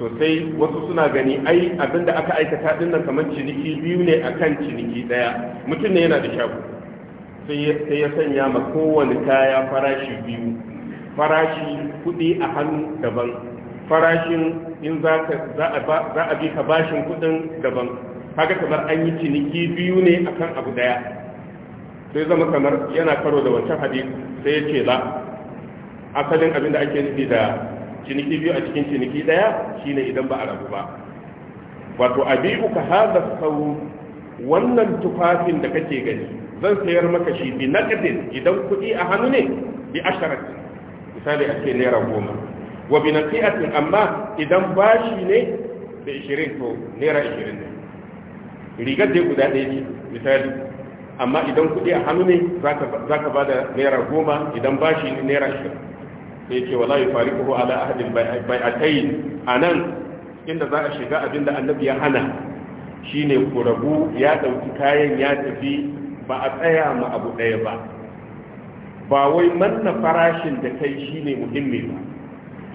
to sai wasu suna gani ai abinda aka aikata din nan kamar ciniki biyu ne akan ciniki daya mutum ne yana da shago sai ya sanya ma kowane kaya farashi biyu farashi kuɗi a hannu daban farashin in za a bi ka bashin kuɗin daban haka kamar an yi ciniki biyu ne akan abu daya sai zama kamar yana karo da wancan hadisi sai ya ce la asalin abin da ake nufi da ciniki biyu a cikin ciniki daya shine idan ba a rabu ba wato abi'u ka hada sau wannan tufafin da kake gani zan sayar maka shi bi naqdin idan kuɗi a hannu ne bi asharat misali a ce naira goma wa bi nasi'atin amma idan bashi ne da 20 to naira 20 ne rigar dai guda ɗaya ne misali amma idan kuɗi a hannu ne za ka ba da naira goma idan bashi ne naira 20 sai ce wala yufari ko ala ahadin a nan inda za a shiga abinda annabi ya hana shine ku rabu ya ɗauki kayan ya tafi ba a tsaya ma abu ɗaya ba ba wai manna farashin da kai shi ne muhimmi ba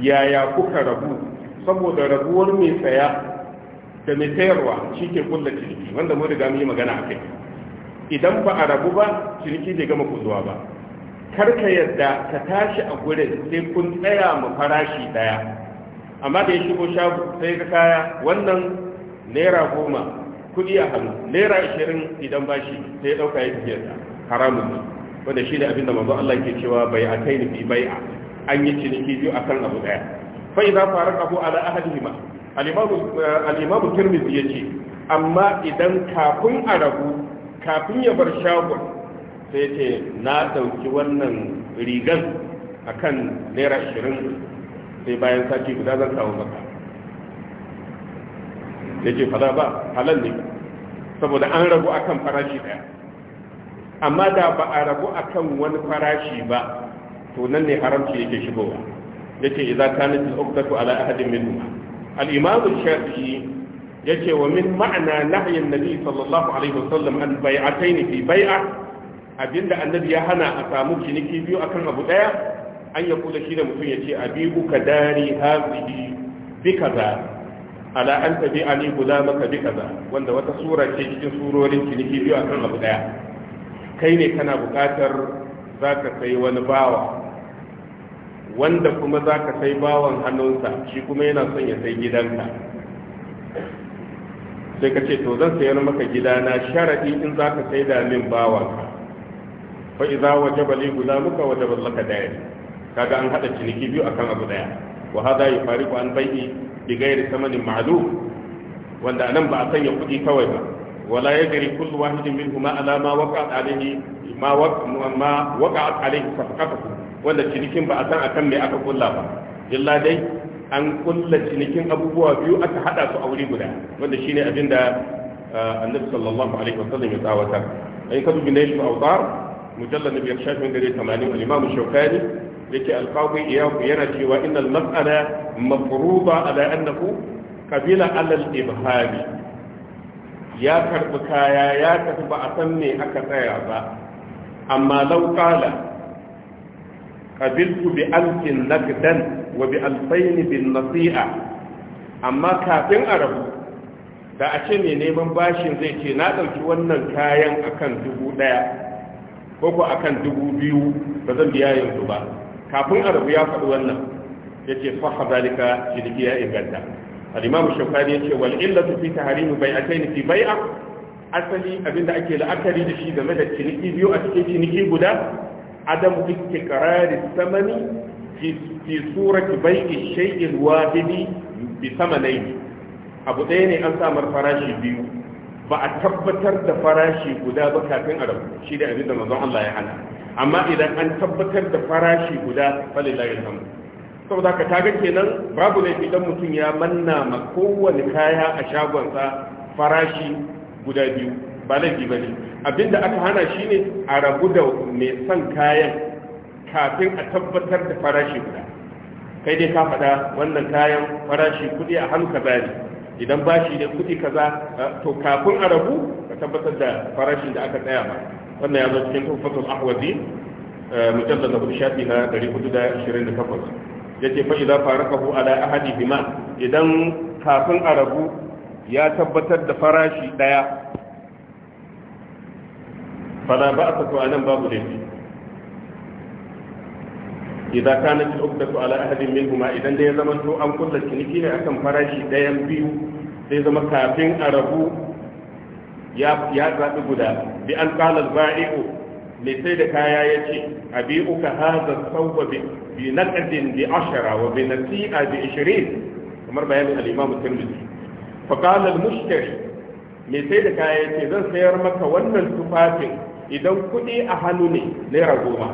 yaya kuka rabu saboda rabuwar mai tsaya, da mai sayarwa shi ke kulla ciniki wanda mun riga magana a kai idan ba a rabu ba ciniki bai gama kuzuwa ba kar ka yadda ka tashi a gurin sai kun tsaya mu farashi daya amma da ya shigo shago sai ka kaya wannan naira goma kudi a hannu naira ashirin idan bashi sai ya ɗauka ya da haramun ne wanda shi ne abinda manzo Allah ke cewa bai a kai ni bai a an yi ciniki biyu a kan abu daya fa idza faraqahu ala ahadihima al-imam eh, al-imam yace amma idan kafin a ragu, kafin ya bar shagon sai yace na dauki wannan rigan akan naira 20 sai bayan sati guda zan kawo maka yace fada ba halal ne saboda an rabu akan farashi daya amma da ba a rabu a kan wani farashi ba to nan ne haramci yake shigowa yace idza kanat al-uqtatu ala ahadin minhum al-imam Shafi ya ce wa min ma'ana nahyi an-nabi sallallahu alaihi wasallam an bai'atayn fi bai'a abinda annabi ya hana a samu ciniki biyu akan abu daya an ya kula shi da mutum ya ce a yace abibu kadari hazihi bi kaza ala an tabi'ani gulamaka bi kaza wanda wata sura ce cikin surorin ciniki biyu akan abu daya kai ne kana bukatar za ka sai wani bawa wanda kuma za ka sai bawan hannunsa shi kuma yana son ya sai gidanka sai ka ce to zan sayar maka na sharaɗi in za ka sai da min bawanka fa iza guda muka gulamuka wajaba laka daya, kaga an haɗa ciniki biyu akan abu daya wa hada ba an bai'i bi ghairi samanin ma'lum wanda anan ba a sanya kuɗi kawai ba ولا يدري كل واحد منهما على ما وقعت عليه ما وقع ما وقعت عليه صفقته wanda cinikin ba a san akan me aka kulla ba illa dai an kulla cinikin abubuwa biyu aka hada su a wuri guda wanda shine abin da annabi sallallahu alaihi wasallam ya tsawatar ai ka dubi nayi awdar mujallad nabi shafin gare al-imam shaukani yake alqawi iyaku yana cewa innal mas'ala mafruḍa ala annahu qabila ala ya karbi kaya ya tafi ba a san me aka tsaya ba amma lau kala qabiltu bi alfin nakdan wa bi alfayn bin nasi'a amma kafin arabu da a ce ne neman bashin zai ce na ɗauki wannan kayan akan dubu ɗaya ko ko akan dubu biyu ba zan biya yanzu ba kafin arabu ya faɗi wannan ya ce faha zalika ciniki ya inganta al-imam shaukani yace wal illatu fi tahrim bai'atayn fi bai'a asali abinda ake la'akari da shi game da ciniki biyu a cikin ciniki guda adam istiqrari samani fi surati bai'i shay'in wahidi bi samanaini abu ɗaya ne an samar farashi biyu ba a tabbatar da farashi guda ba kafin a shi da abinda manzon Allah ya hana amma idan an tabbatar da farashi guda falilahi alhamdu saboda ka taga kenan babu laifi idan mutum ya manna ma kowane kaya a shagonsa farashi guda biyu ba laifi ba ne abinda aka hana shi ne a rabu da mai son kayan kafin a tabbatar da farashi guda kai dai ka faɗa wannan kayan farashi kudi a hannu kaza ne idan bashi ne kudi kaza eh, to kafin a rabu ka tabbatar da farashin da aka tsaya ba wannan ya zo cikin tufatul ahwazi eh, mujallal da shafi na 428 yace fa idza faraqahu ala bima idan kafin a rabu ya tabbatar da farashi daya a ba'sa to anan babu laifi idza kanat al-uqdatu ala ahadin minhuma idan dai zaman to an kulla ciniki ne akan farashi dayan biyu sai zama kafin a rabu ya ya zabi guda bi an qala al-ba'i'u mai sai da kaya ya ce abi uka haza sauwa bi naqdin bi ashara wa bi nasi'a bi 20 kamar bayanin al-imam tirmidhi fa qala al-mushtari mai sai da kaya ya ce zan sayar maka wannan tufafin idan kuɗi a hannu ne naira goma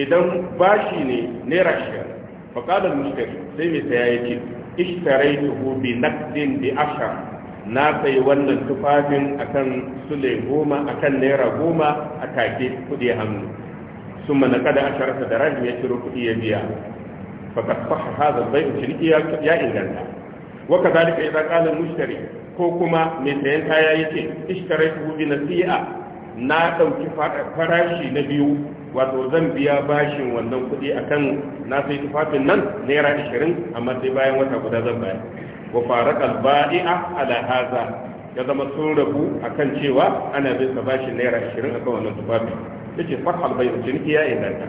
idan bashi ne naira shiyar fa qala al-mushtari sai mai saya ya ce ishtaraytuhu bi naqdin bi ashara na sayi wannan tufafin akan sule goma akan naira goma a take kudi hannu sun mana kada a sharasa da rajin ya ciro kudi ya biya fakat fahar hazar bai ciniki ya inganta waka zalika ya kalin mushtari ko kuma mai sayan kaya ya ce ishtarai kubi na siya na ɗauki farashi na biyu wato zan biya bashin wannan kudi akan na sai tufafin nan naira ashirin amma sai bayan wata guda zan bayar wa faraka al-ba'i'a ala hadha ya zama sun rabu a kan cewa ana bin sa bashi naira 20 akan wannan tufafi yace ce bai ciniki ya inganta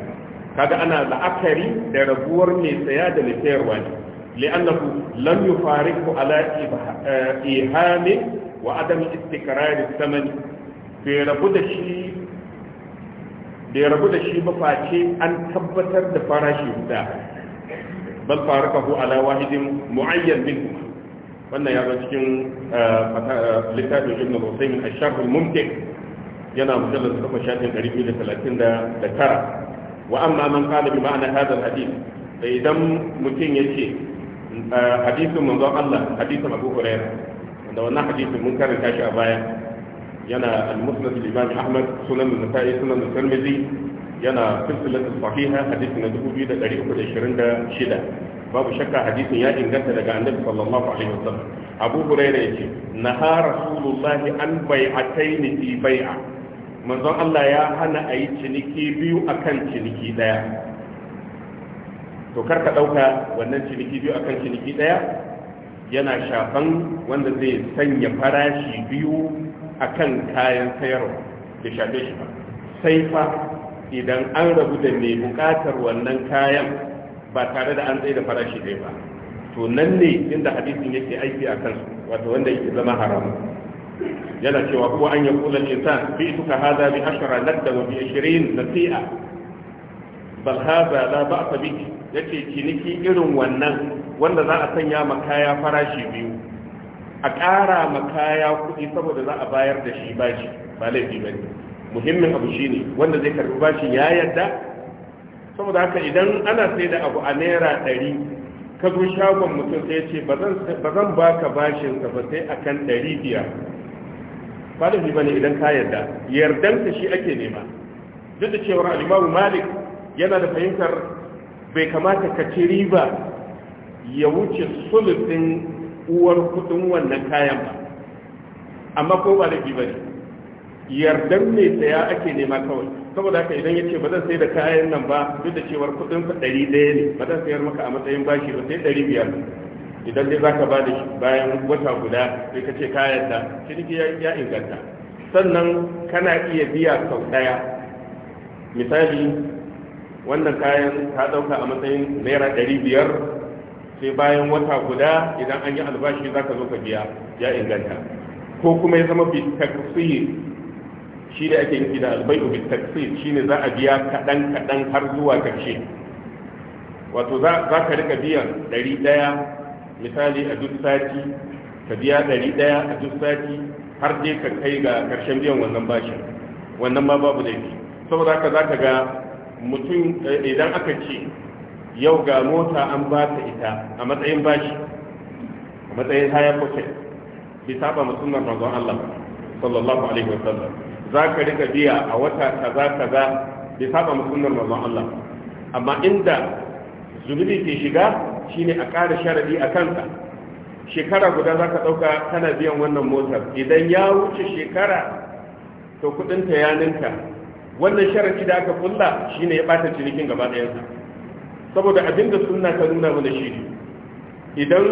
kaga ana la'akari da rabuwar mai saya da mai sayarwa ne li'annahu lam yufariqu ala eh, ihami wa adam istikrar al-thaman fi rabu da shi bai rabu da shi ba face an tabbatar da farashi guda bal farakahu ala wahidin mu'ayyan minhum wannan ya zo cikin eh, eh, littafin ibn al-Usaymin ash-Sharh al-Mumti' yana mujallad kafa shafin 239 wa amma man qala bi ma'na hadha al-hadith sai idan mutum yace eh, hadisin manzon Allah hadisin Abu Hurairah wanda wannan hadisin mun karanta shi a baya yana al-Musnad al-Imam Ahmad sunan an-Nasa'i sunan at-Tirmidhi yana silsilatul sahiha hadisi na 2326 babu shakka hadisin ya inganta daga annabi sallallahu alaihi wasallam abu huraira yace naha rasulullahi an bai'ataini fi bai'a manzon Allah ya hana ayi ciniki biyu akan ciniki daya to karka dauka wannan ciniki biyu akan ciniki daya yana shafan wanda zai sanya farashi biyu akan kayan sayarwa ya shafe shi ba sai fa idan an rabu da mai bukatar wannan kayan ba tare da an tsaye da farashi ɗaya ba to nan ne inda hadisin yake aiki a kansu wato wanda yake zama haramu yana cewa kuwa an ya kula insan fi suka haza bi ashara nadda wa bi ashirin nasi'a bal hada la ba'sa Ya ce ciniki irin wannan wanda za a sanya ma kaya farashi biyu a ƙara ma kaya kuɗi saboda za a bayar da shi bashi ba laifi ne. muhimmin abu shine wanda zai karbi bashi ya yadda saboda haka idan ana sai da abu a naira ɗari ka zo shagon mutum sai ce ba zan ba ka bashin ka ba sai a kan ɗari biyar ba da ba idan ka yarda yardan ka shi ake nema duk da cewar alimamu malik yana da fahimtar bai kamata ka ci riba ya wuce sulutin uwar kudin wannan kayan ba amma ko ba da ba ne yardan mai saya ake nema kawai saboda haka idan ya ce ba zan sai da kayan nan ba duk da cewar kudin sa ɗari ɗaya ne ba zan sayar maka a matsayin bashi ba sai ɗari biyar idan dai zaka ba da shi bayan wata guda sai ka ce kayan da ciniki ya inganta sannan kana iya biya sau ɗaya misali wannan kayan ka ɗauka a matsayin naira ɗari biyar sai bayan wata guda idan an yi albashi zaka zo ka biya ya inganta ko kuma ya zama bi takfir shi da ake nufi da albayu bi taksir shine za a biya kadan kadan har zuwa karshe wato za ka rika biyan ɗari ɗaya misali a duk sati ka biya ɗari ɗaya a duk sati har dai ka kai ga karshen biyan wannan bashin wannan ma babu laifi saboda haka za ka ga mutum eh, idan aka ce yau ga mota an ba ta ita a matsayin bashi a matsayin haya pocket bisa ba musulman manzon Allah sallallahu alaihi wasallam za ka riga biya a wata kaza kaza bi saba mu manzon Allah amma inda zunubi ke shiga shine a ƙara sharadi a kanka shekara guda za ka ɗauka kana biyan wannan motar idan ya wuce shekara to kuɗinta ya ninka wannan sharadi da aka kulla shine ya bata cinikin gaba ɗayansa saboda abin da sunna ta nuna mana shi idan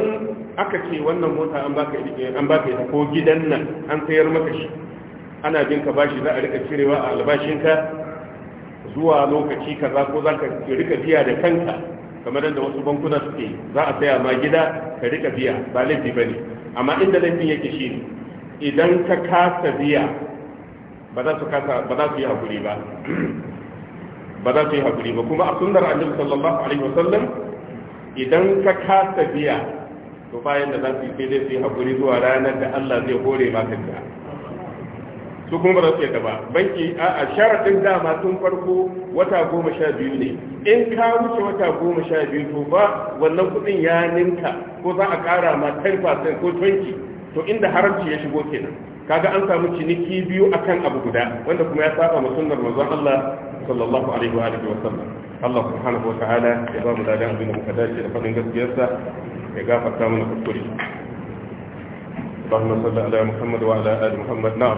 aka ce wannan mota an baka ita ko gidan nan an sayar maka shi ana bin ka bashi za a rika cirewa a albashinka zuwa lokaci za ko za ka rika biya da kanka kamar yadda wasu bankuna suke za a saya ma gida ka rika biya ba laifi bane amma inda laifin yake shi idan ka kasa biya ba za su kasa ba za su yi hakuri ba ba za su yi hakuri ba kuma a sunnar annabi sallallahu alaihi wasallam idan ka kasa biya to bayan da za su yi sai dai su yi hakuri zuwa ranar da Allah zai hore maka biya su kuma ba za su yadda ba banki a sharaɗin dama tun farko wata goma sha biyu ne in ka wuce wata goma sha biyu to ba wannan kuɗin ya ninka ko za a ƙara ma 10% ko 20 to inda haramci ya shigo kenan kaga an samu ciniki biyu akan abu guda wanda kuma ya saba ma sunnar manzon Allah sallallahu alaihi wa alihi wa sallam Allah subhanahu wa ta'ala ya ba mu dadan abin da muka dace da fadin gaskiyarsa ya gafarta mana kuskure اللهم صل على محمد وعلى ال محمد نعم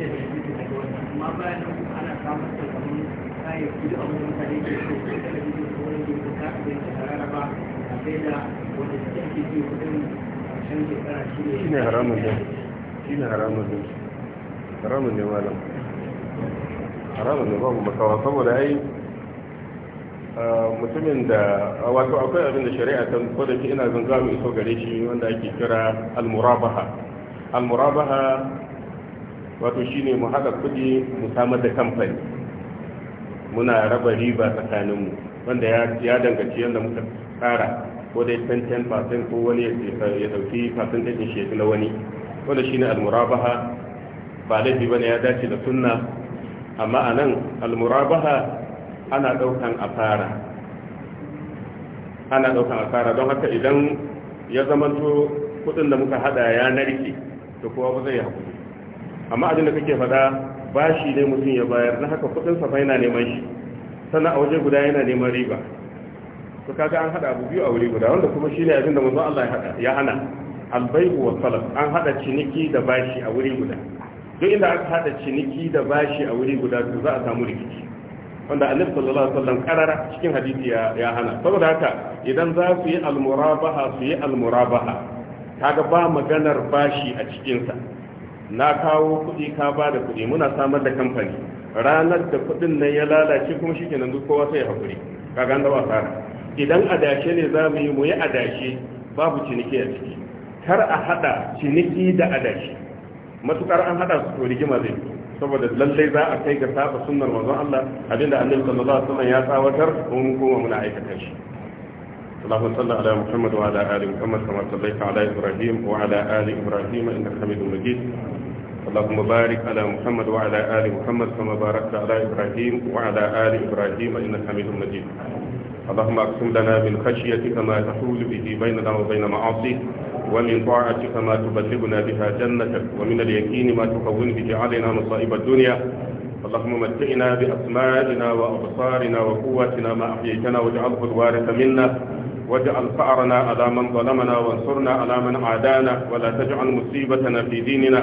shi ne haramun ne shi ne haramun ne haramun ne malam haramun ne babu makawa saboda ai mutumin da wato akwai abin da shari'a ta da ke ina zan zamu iso gare shi wanda ake kira al-murabaha al-murabaha wato shine mu haɗa kuɗi mu samar da kamfani muna raba riba tsakaninmu wanda ya dangaci yadda muka tsara ko dai fasin ko wani ya fasin fasantajin shekaru na wani wanda shine almurabaha ba laifi bane ya dace da sunna amma a nan almurabaha ana ɗaukan fara ana ɗaukan fara don haka idan ya zamanto kuɗin da muka hada ya narke to kowa ba zai haƙuri amma abin da kake faɗa bashi ne mutum ya bayar na haka kudin sa yana neman shi sannan a waje guda yana neman riba to kaga an hada abu biyu a wuri guda wanda kuma shine abin da manzon Allah ya hada ya hana albayhu wa salat an hada ciniki da bashi a wuri guda duk inda aka hada ciniki da bashi a wuri guda to za a samu rikici wanda annabi sallallahu alaihi wasallam karara cikin hadisi ya ya hana saboda haka idan za su yi almurabaha su yi almurabaha kaga ba maganar bashi a cikin sa na kawo kuɗi ka ba da kuɗi muna samar da kamfani ranar da kuɗin nan ya lalace kuma shi kenan duk kowa sai ya haƙuri kaga an dawa tsara idan adashe ne za mu yi mu yi adashe babu ciniki a ciki kar a haɗa ciniki da adashe matukar an haɗa su to rigima zai saboda lallai za a kai ga saba sunnar manzon Allah abinda annabi sallallahu alaihi wasallam ya tsawatar mun kuma muna aikata shi اللهم صل على محمد وعلى آل محمد كما صليت على إبراهيم وعلى آل إبراهيم إنك حميد مجيد اللهم بارك على محمد وعلى آل محمد كما باركت على إبراهيم وعلى آل إبراهيم إنك حميد مجيد اللهم اقسم لنا من خشيتك ما تحول به بيننا وبين معاصيك ومن طاعتك ما تبلغنا بها جنتك ومن اليقين ما تهون به علينا مصائب الدنيا اللهم متعنا بأسمائنا وأبصارنا وقوتنا ما أحييتنا واجعله الوارث منا واجعل فأرنا على من ظلمنا وانصرنا على من عادانا ولا تجعل مصيبتنا في ديننا